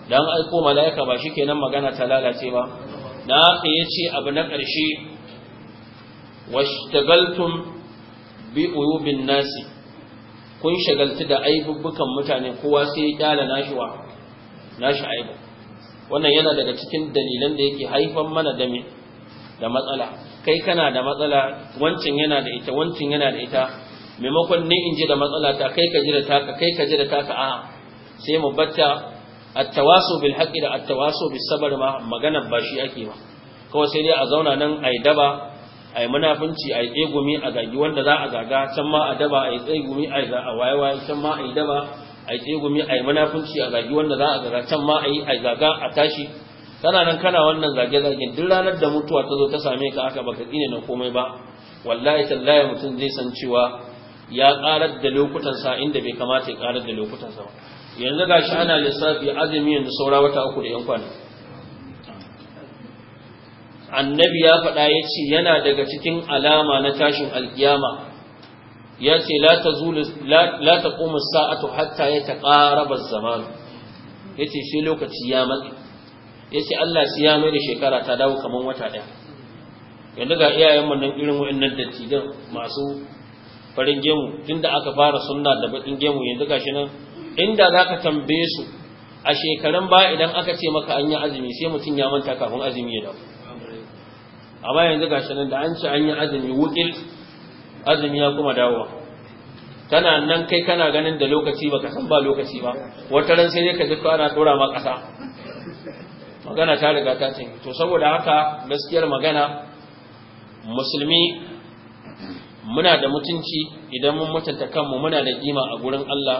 Don aiko mala'ika ba shikenan magana ta lalace ba na haka yace abu na ƙarshe washtagaltum bi uyubin nasi kun shagaltu da aibubbukan mutane kowa sai ya kyala nashi nashi aibu wannan yana daga cikin dalilan da yake haifan mana da da matsala kai kana da matsala wancin yana da ita wancin yana da ita maimakon ne in ji da matsala ta kai ka ji da taka kai ka ji da taka a sai mu batta at-tawasu bil haqqi da at-tawasu bis sabr ma magana ba shi ake ba kawai sai dai a zauna nan ai daba a yi munafunci a yi tsegumi a zagi wanda za a zaga can ma a daba a yi tsegumi a yi a wayewaye can ma a yi daba a yi tsegumi a yi munafunci a zagi wanda za a zaga can ma a yi a zaga a tashi kana nan kana wannan zage-zagen duk ranar da mutuwa ta zo ta same ka aka baka tsine na komai ba wallahi tallahi mutum zai san cewa ya karar da lokutansa inda bai kamata ya karar da lokutansa ba yanzu gashi ana lissafi azumi yanzu saura wata uku da yan kwana annabi ya faɗa ya ce yana daga cikin alama na tashin alkiyama ya ce la ta ƙoma sa'atu hatta ya ta ƙarabar zamanu ya ce sai lokaci ya matsi ya ce Allah shi ya mai da shekara ta dawo kamar wata ɗaya yanzu ga iyayenmu nan irin wa'annan dattijan masu farin gemu tunda aka fara sunna da baƙin gemu yanzu ga shi nan inda za ka tambaye su a shekarun ba idan aka ce maka an yi azumi sai mutum ya manta kafin azumi ya dawo amma yanzu shi nan da an ci an yi azumi wukil azumi ya kuma dawo, kana nan kai kana ganin da lokaci baka san ba lokaci ba wata ran sai dai ka ji ko ana dora ma kasa magana ta riga ta ce to saboda haka gaskiyar magana musulmi muna da mutunci idan mun mutunta kanmu muna da kima a gurin Allah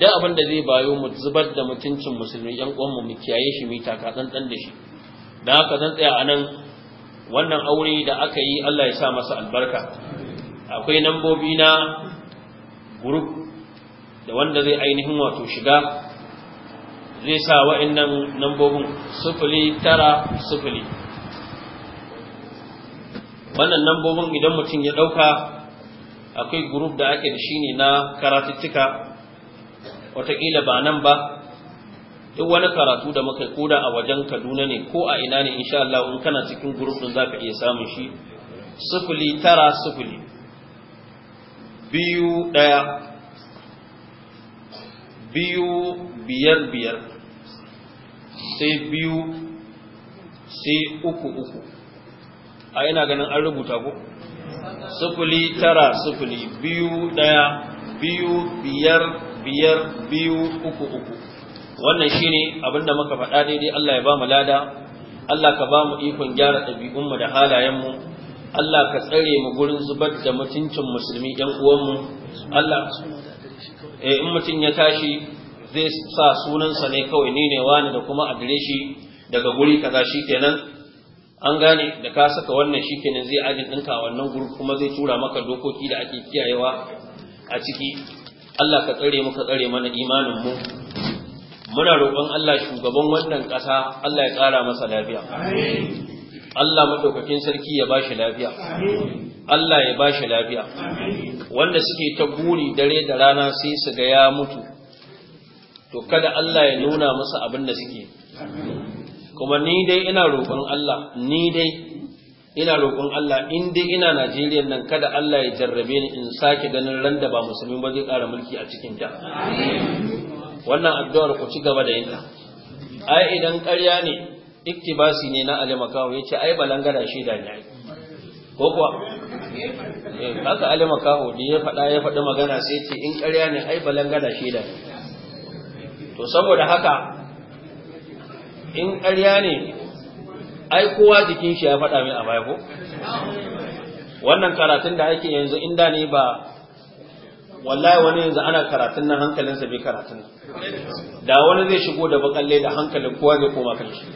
da abin da zai bayo mu zubar da mutuncin musulmi yan uwanmu mu kiyaye shi mu taka tsantsan da shi dan haka zan tsaya anan wannan aure da aka yi Allah ya sa masa albarka akwai nambobi na group da wanda zai ainihin wato shiga zai sa wa'annan nambobin sufuli tara wannan nambobin idan mutum ya ɗauka akwai group da ake da shi ne na karatuttuka watakila ba nan ba duk wani karatu da muka koda a wajen Kaduna ne ko a ina ne insha Allah in kana cikin group din zaka iya samun shi sifili tara sifili biyu ɗaya biyu biyar biyar sai biyu sai uku uku a ina ganin an rubuta ko sifili tara sifili biyu ɗaya biyu biyar biyar biyu uku uku wannan shine abinda muka faɗa daidai Allah ya ba mu lada Allah ka ba mu ikon gyara ɗabi'unmu da halayenmu Allah ka tsare mu gurin zubar da mutuncin musulmi ɗan uwanmu Allah eh in mutum ya tashi zai sa sunansa ne kawai ni ne wani da kuma adireshi daga guri kaza shikenan an gane da ka saka wannan shikenan zai ajin ɗinka wannan guri kuma zai tura maka dokoki da ake kiyayewa a ciki Allah ka tsare mu ka tsare mana imanin mu muna roƙon Allah shugaban wannan ƙasa Allah ya ƙara masa lafiya Allah maɗaukakin sarki ya ba shi lafiya Allah ya ba shi lafiya wanda suke ta guri dare da rana sai su ga ya mutu to kada Allah ya nuna masa abin da suke kuma ni dai ina roƙon Allah ni dai ina roƙon Allah in dai ina Najeriya nan kada Allah ya jarrabe ni in sake ganin ran da ba musulmi ba zai ƙara mulki a cikin ta wannan addu'ar ku ci gaba da yinta ai idan ƙarya ne iktibasi ne na alimakawo ya ce ai balangara shi da ne ko kuwa eh, haka alimakawo da ya faɗa ya faɗi magana sai ce in ƙarya ne ai balangara shi da ne to saboda haka in ƙarya ne ai kowa jikin shi ya faɗa min a baya ko wannan karatun da ake yanzu inda ne ba wallahi wani yanzu ana karatun nan hankalinsa bai karatun nan da wani zai shigo da bakalle da hankalin kowa zai koma kan shi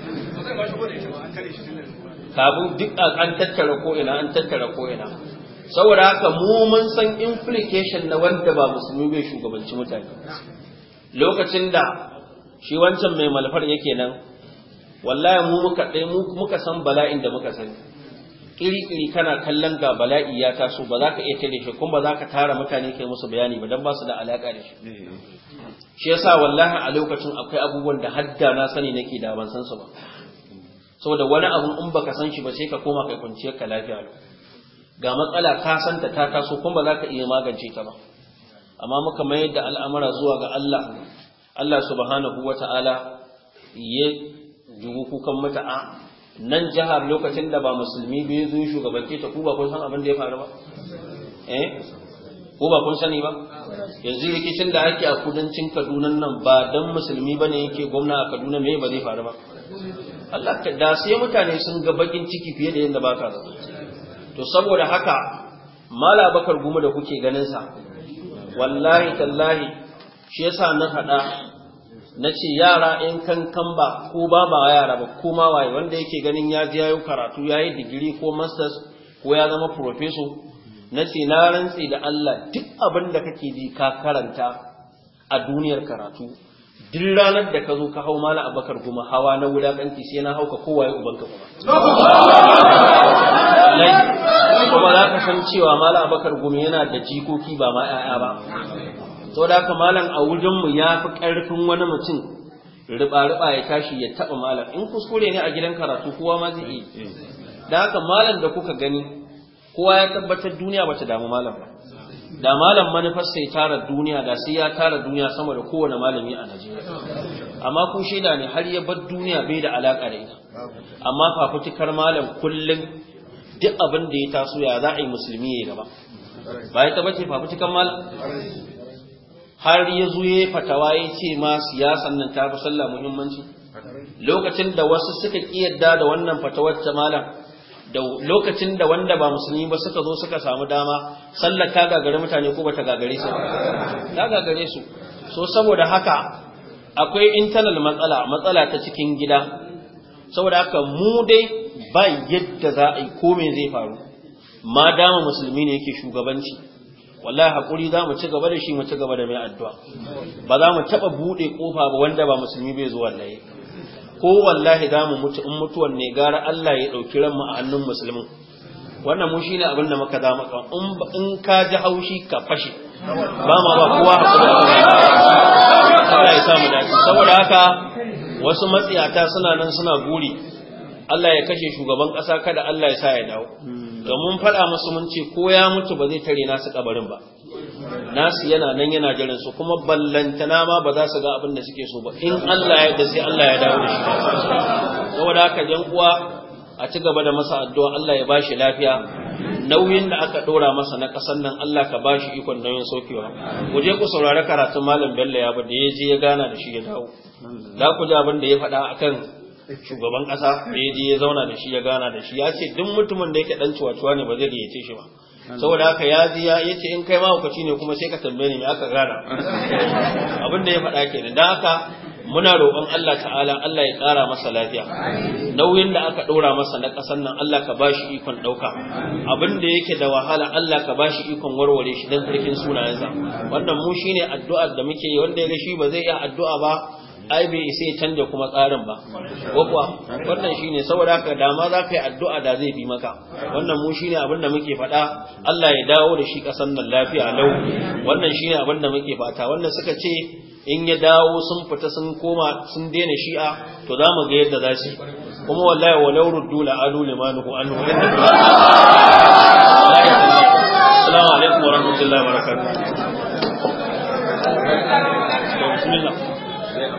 kafin duk an tattara ko ina an tattara ko ina saboda haka mu mun san implication na wanda ba musulmi bai shugabanci mutane lokacin da shi wancan mai malfar yake nan wallahi mu muka mu muka san bala'in da muka sani iri iri kana kallon ga bala'i ya taso ba za ka iya tare shi kuma ba za ka tara mutane kai musu bayani ba dan ba su da alaka da shi shi yasa wallahi a lokacin akwai abubuwan da hadda na sani nake da ban san su ba saboda wani abu in baka san shi ba sai ka koma kai kwanciyar ka lafiya ga matsala ka san ta ta taso kuma ba za ka iya magance ta ba amma muka mayar da al'amura zuwa ga Allah Allah subhanahu wata'ala ya jugu kukan mata a ah, nan jihar lokacin da ba musulmi bai zo shugabance ta kuba kun san abin da ya faru ba eh ko kun sani ba yanzu rikicin da ake a kudancin Kaduna nan ba dan musulmi bane yake gwamna a Kaduna me ba zai faru ba Allah da sai mutane sun ga bakin ciki fiye da yadda baka zo to saboda haka mala bakar goma da kuke ganin sa wallahi tallahi shi yasa na haɗa. na ce yara in kankan ba ko ba ba yara ba ko ma waye wanda yake ganin ya ji yayi karatu yayi digiri ko masters ko ya zama professor na ce na rantsi da Allah duk abin da kake ji ka karanta a duniyar karatu duk ranar da ka zo ka hau mala abakar kuma hawa na wulakanci sai na hauka kowaye ubanka kuma kuma za ka san cewa mala abakar gumi yana da jikoki ba ma 'ya'ya ba sau da haka malam a wajenmu ya fi ƙarfin wani mutum riba-riba ya tashi ya taɓa malam in kuskure ne a gidan karatu kowa ma zai yi da haka malam da kuka gani kowa ya tabbatar duniya bata damu malam ba da malam manufar sai tara duniya da sai ya tara duniya sama da kowane malami a Najeriya amma kun shaida ne har ya bar duniya bai da alaƙa da ita amma fafutukar malam kullum duk abin da ya taso ya za a yi musulmi ya gaba ba ya taba ce fafutukan malam har ya zo ya fatawa ya ce ma siyasan nan ta fi sallah muhimmanci lokacin da wasu suka ƙi yadda da wannan fatawar ta malam da lokacin da wanda ba musulmi ba suka zo suka samu dama sallar ta gagare mutane ko bata gagare su ta gagare su so saboda haka akwai internal matsala matsala ta cikin gida saboda haka mu dai ba yadda za a yi ko me zai faru ma dama musulmi ne yake shugabanci wallahi hakuri za mu ci gaba da shi mu ci gaba da mai addu'a ba za mu taɓa buɗe ƙofa ba wanda ba musulmi bai zuwa wallahi ko wallahi za mu mutu in mutuwan ne gara Allah ya ɗauki ranmu a hannun musulmin wannan mu shine abin da muka zama kan in ka ji haushi ka fashi ba ma ba kowa hakuri Allah ya samu dace saboda haka wasu matsiyata suna nan suna guri Allah ya kashe shugaban ƙasa kada Allah ya sa ya dawo mun faɗa masu mun ce ko ya mutu ba zai tare nasu kabarin ba nasu yana nan yana jiran su kuma ballantana ma ba za su ga abin da suke so ba in Allah ya sai Allah ya dawo da shi saboda haka yan uwa a ci gaba da masa addu'a Allah ya ba shi lafiya nauyin da aka dora masa na kasan nan Allah ka bashi ikon nauyin saukewa ku je ku saurari karatun malam Bello ya ba da ya je ya gana da shi ya dawo za ku ji abin da ya faɗa akan shugaban kasa da ya je ya zauna da shi ya gana da shi ya ce duk mutumin da yake dan cuwacuwa ne ba zai gayyace shi ba saboda haka ya ji ya yace in kai mahaukaci ne kuma sai ka tambaye ni me aka gana abin da ya faɗa kenan da haka muna roƙon Allah ta'ala Allah ya ƙara masa lafiya nauyin da aka ɗora masa na ƙasar nan Allah ka bashi ikon ɗauka abin da yake da wahala Allah ka bashi ikon warware shi don sarkin sunayensa wannan mu shine addu'ar da muke yi wanda ya ga shi ba zai iya addu'a ba ai bai sai canja kuma tsarin ba kuwa wannan shine saboda haka dama za ka yi addu'a da zai bi maka wannan mu shine abin da muke faɗa Allah ya dawo da shi ƙasar nan lafiya lau wannan shine abin da muke fata wannan suka ce in ya dawo sun fita sun koma sun daina shi'a to za mu ga yadda za su kuma wallahi walau ruddu la alu limanuhu anhu السلام Assalamu alaikum warahmatullahi wabarakatuh. بسم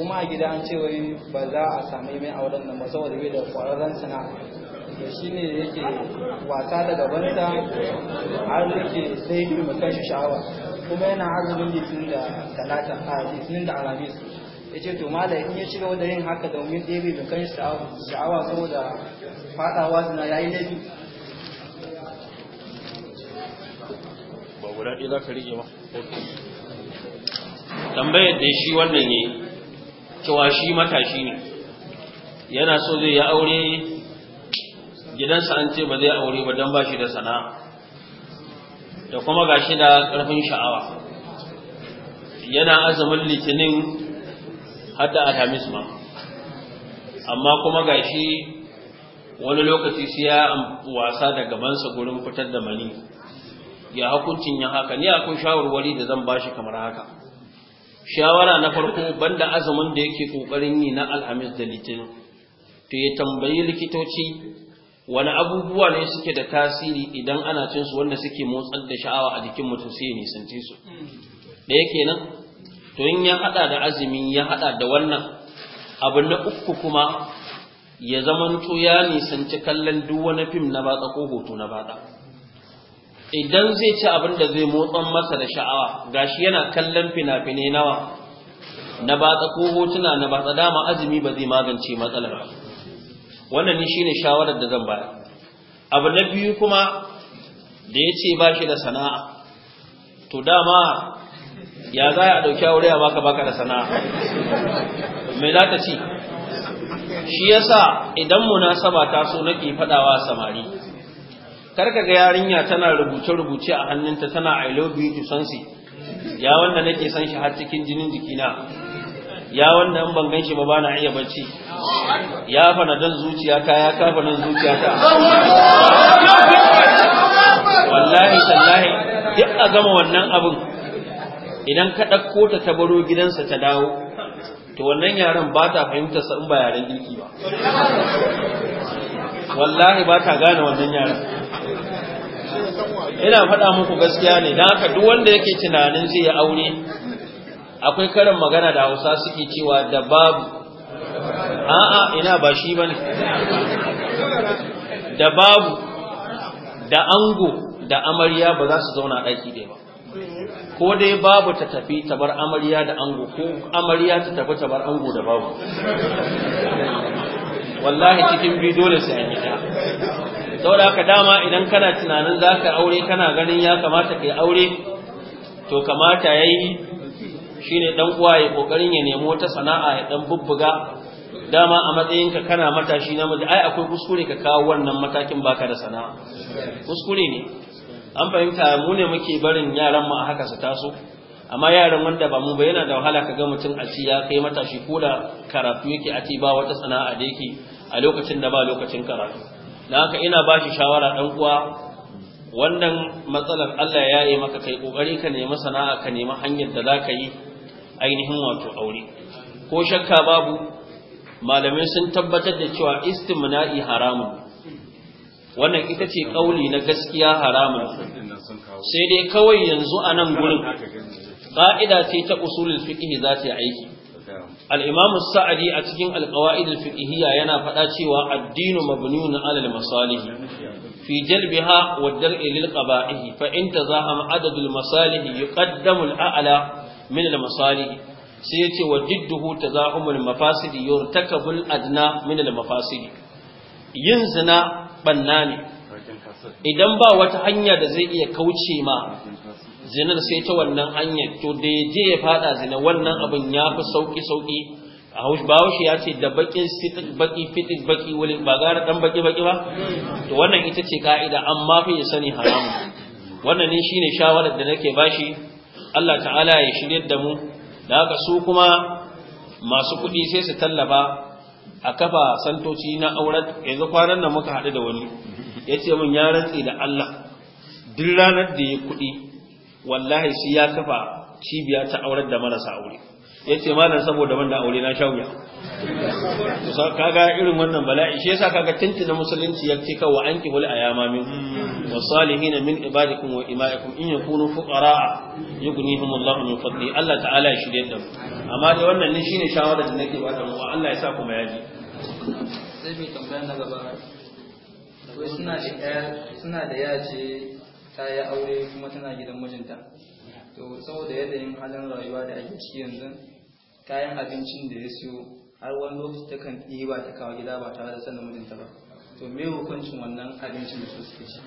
kuma a gida an ce wai ba za a sami mai auren nan ba saboda bai da kwararren sana'a to da yake wasa da gabansa har yake sai bi mu shi sha'awa kuma yana azumin litinin da talata a litinin da alamis ya ce to ma da in ya cigaba da yin haka domin ɗebe da kan sha'awa saboda faɗawa suna yayi laifi ba guda ɗaya za ka rike ba tambayar da shi wannan ne cewa shi matashi ne yana so zai yi aure gidansa an ce ba zai aure ba don ba shi da sana'a da kuma ga shi da ƙarfin sha'awa yana azumin litinin hadda alhamis ma amma kuma ga shi wani lokaci sai ya wasa da gabansa gurin fitar da mani ya hakuncin ya haka ni akwai shawarwari da zan ba shi kamar haka shawara na farko banda azumin da yake kokarin yi na alhamis da litinin to ya tambayi likitoci wani abubuwa ne suke da tasiri idan ana cin su wanda suke motsar da sha'awa a jikin mutum sai ya nisanci su da yake nan to in ya hada da azumi ya hada da wannan abu na uku kuma ya zamanto ya nisanci kallon duk wani fim na batsa ko hoto na batsa idan zai ci abin da zai motsan masa da sha'awa gashi yana kallon fina-finai nawa na batsa ko hotuna na batsa dama azumi ba zai magance matsalar ba wannan ni shine shawarar da zan bayar abu na biyu kuma da ya ce ba shi da sana'a to dama ya za a ɗauki aure a baka baka da sana'a me za ta ci shi yasa idan munasaba ta so nake faɗawa samari karka ga yarinya tana rubuce-rubuce a hannunta tana I love you to sansi ya wanda nake san shi har cikin jinin jikina ya wanda in ban gan shi ba bana iya bacci ya fana dan zuciya ta ya kafa nan zuciya ta wallahi sallahi, duk a gama wannan abin idan ka ɗauko ta tabaro gidansa ta dawo to wannan yaran ba ta fahimtar sa in ba yaren girki ba wallahi ba ta gane wannan yaran ina faɗa muku gaskiya ne dan haka duk wanda yake tunanin zai yi aure akwai karin magana da Hausa suke cewa da babu a'a ina ba shi bane da babu da ango da amarya ba za su zauna ɗaki ɗaya ba ko dai babu ta tafi ta bar amarya da ango ko amarya ta tafi ta bar ango da babu wallahi cikin biyu dole sai an yi saboda haka dama idan kana tunanin za ka aure kana ganin ya kamata ka yi aure to kamata ya yi shi ne ɗan uwa ya ƙoƙarin ya nemi wata sana'a ya ɗan bubbuga dama a matsayinka kana matashi na namiji ai akwai kuskure ka kawo wannan matakin baka da sana'a kuskure ne an fahimta mu ne muke barin yaran mu a haka su taso amma yaran wanda ba mu ba yana da wahala ka ga mutum a ci ya kai matashi ko da karatu yake a ci ba wata sana'a da yake a lokacin da ba lokacin karatu na haka ina ba shi shawara ɗan uwa wannan matsalar Allah ya yi maka kai ƙoƙari ka nemi sana'a ka nema hanyar da za ka yi ainihin wato aure ko shakka babu malamai sun tabbatar da cewa istimna'i haramun wannan ita ce ƙauli na gaskiya haramun sai dai kawai yanzu a nan gurin ƙa'ida ce ta usulin fiƙi za ta yi aiki al-imam as a cikin al-qawaid al yana faɗa cewa ad-dinu mabniyun 'ala al-masalih fi jalbiha wa dar'i lil qaba'ih fa in tazaham adad al-masalih yuqaddamu al-a'la min al-masalih sai yace wa jidduhu tazahum al-mafasid yurtakabu al-adna min al-mafasid yin zina ɓanna ne idan ba wata hanya da zai iya kauce ma zinar sai ta wannan hanyar to da ya je ya fada zina wannan abin ya fi sauki sauki a haushi-ba haushi ya ce da bakin baki fitik baki wuli ba gara dan baki baki ba to wannan ita ce ka'ida amma fi ya sani haram wannan ne shine shawarar da nake bashi Allah ta'ala ya shiryar da mu da haka su kuma masu kuɗi sai su tallafa a kafa santoci na auren yanzu kwanan nan muka haɗu da wani ya ce min ya rantse da Allah duk ranar da ya kuɗi wallahi shi ya kafa cibiya ta aurar da marasa aure ya ce malam saboda wanda aure na shawuya kaga irin wannan bala'i shi yasa kaga na musulunci ya ce wa an kibul a yama min wasalihin min ibadikum wa imaikum in yakunu fuqara yughnihim Allah min fadli Allah ta'ala ya shirye da amma dai wannan ne shine shawara da nake ba da mu Allah ya sa kuma bayani sai mai tambaya na gaba suna da suna da yaje ta yi aure kuma tana gidan mijinta to saboda yin halin rayuwa da ake ciki yanzu kayan abincin da ya siyo har wani lokaci ta kan ba ta kawo gida ba tare da sanin mijinta ba to me hukuncin wannan abincin da su suke ci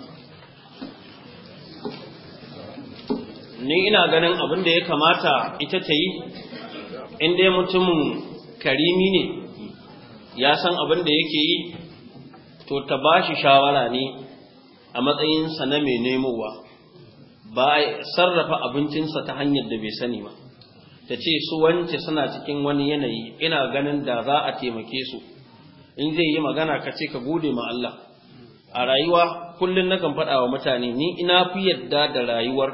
ni ina ganin abin da ya kamata ita ta yi in dai mutumin karimi ne ya san abin da yake yi to ta ba shi shawara ne a matsayinsa na mai nemowa ba a sarrafa abincinsa ta hanyar da bai sani ba ta ce su wance suna cikin wani yanayi ina ganin da za a taimake su in zai yi magana ka ce ka gode ma Allah a rayuwa kullum na kan faɗa wa mutane ni ina fi yadda da rayuwar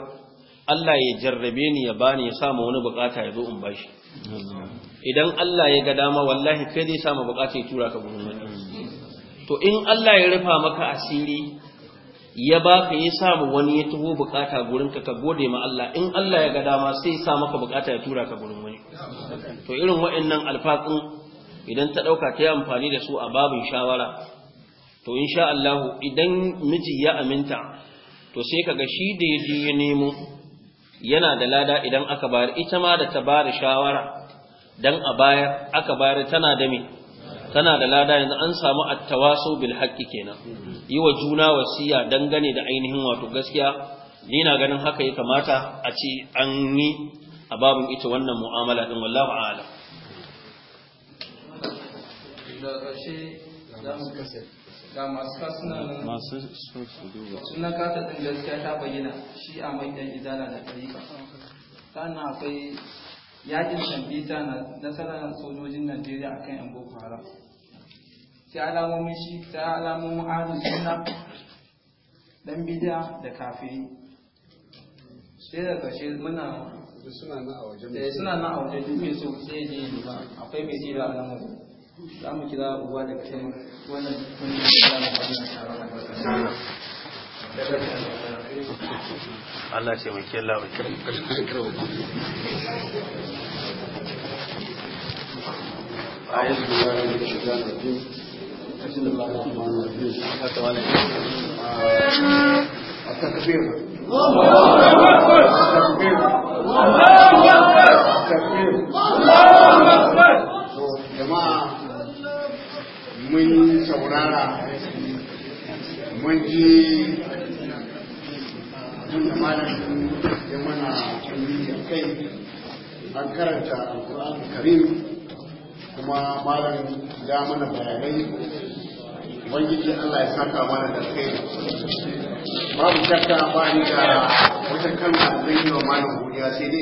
Allah ya jarrabe ni ya bani ya samu wani bukata ya zo in bashi idan Allah ya ga dama wallahi kai zai samu bukata ya tura ka gurin to in Allah ya rufa maka asiri ya ba ka ya samu wani ya tuho bukata gurin ka gode ma Allah in Allah ya ga dama sai ya sa maka bukata ya tura ka gurin wani to irin waɗannan alfaqin idan ta dauka ta yi amfani da su a babin shawara to insha Allah idan miji ya aminta to sai kaga shi da ya je ya nemo yana da lada idan aka bayar ita ma da ta bada shawara dan a bayar aka bayar tana da me tana da lada yanzu an samu attawaso bil haqqi kenan yi wa juna wasiya dangane da ainihin wato gaskiya ni na ganin haka ya kamata a ce an yi a babin ita wannan mu'amala din wallahu a'lam da masu kasunan masu suna kasa ɗin gaskiya ta bayyana shi a mai ɗan izala da ɗarika sannan akwai yakin shambita na nasarar sojojin najeriya akan yan boko haram sai alamomin shi ta alamomin ahalin suna dan da kafiri sai da eh, kashe muna suna na a waje suna na duk mai so sai je yi ba akwai mai tsira a nan za mu kira abubuwa daga kashe wannan kundin da za mu fara da Ala ce mai kyan labai. Mun saurara abin da malamin ya mana tambayi kai an karanta alkur'an karim kuma malam ya mana bayanai ubangiji allah ya saka mana da kai babu shakka ba ni da wata kalma zai yi wa malam godiya sai dai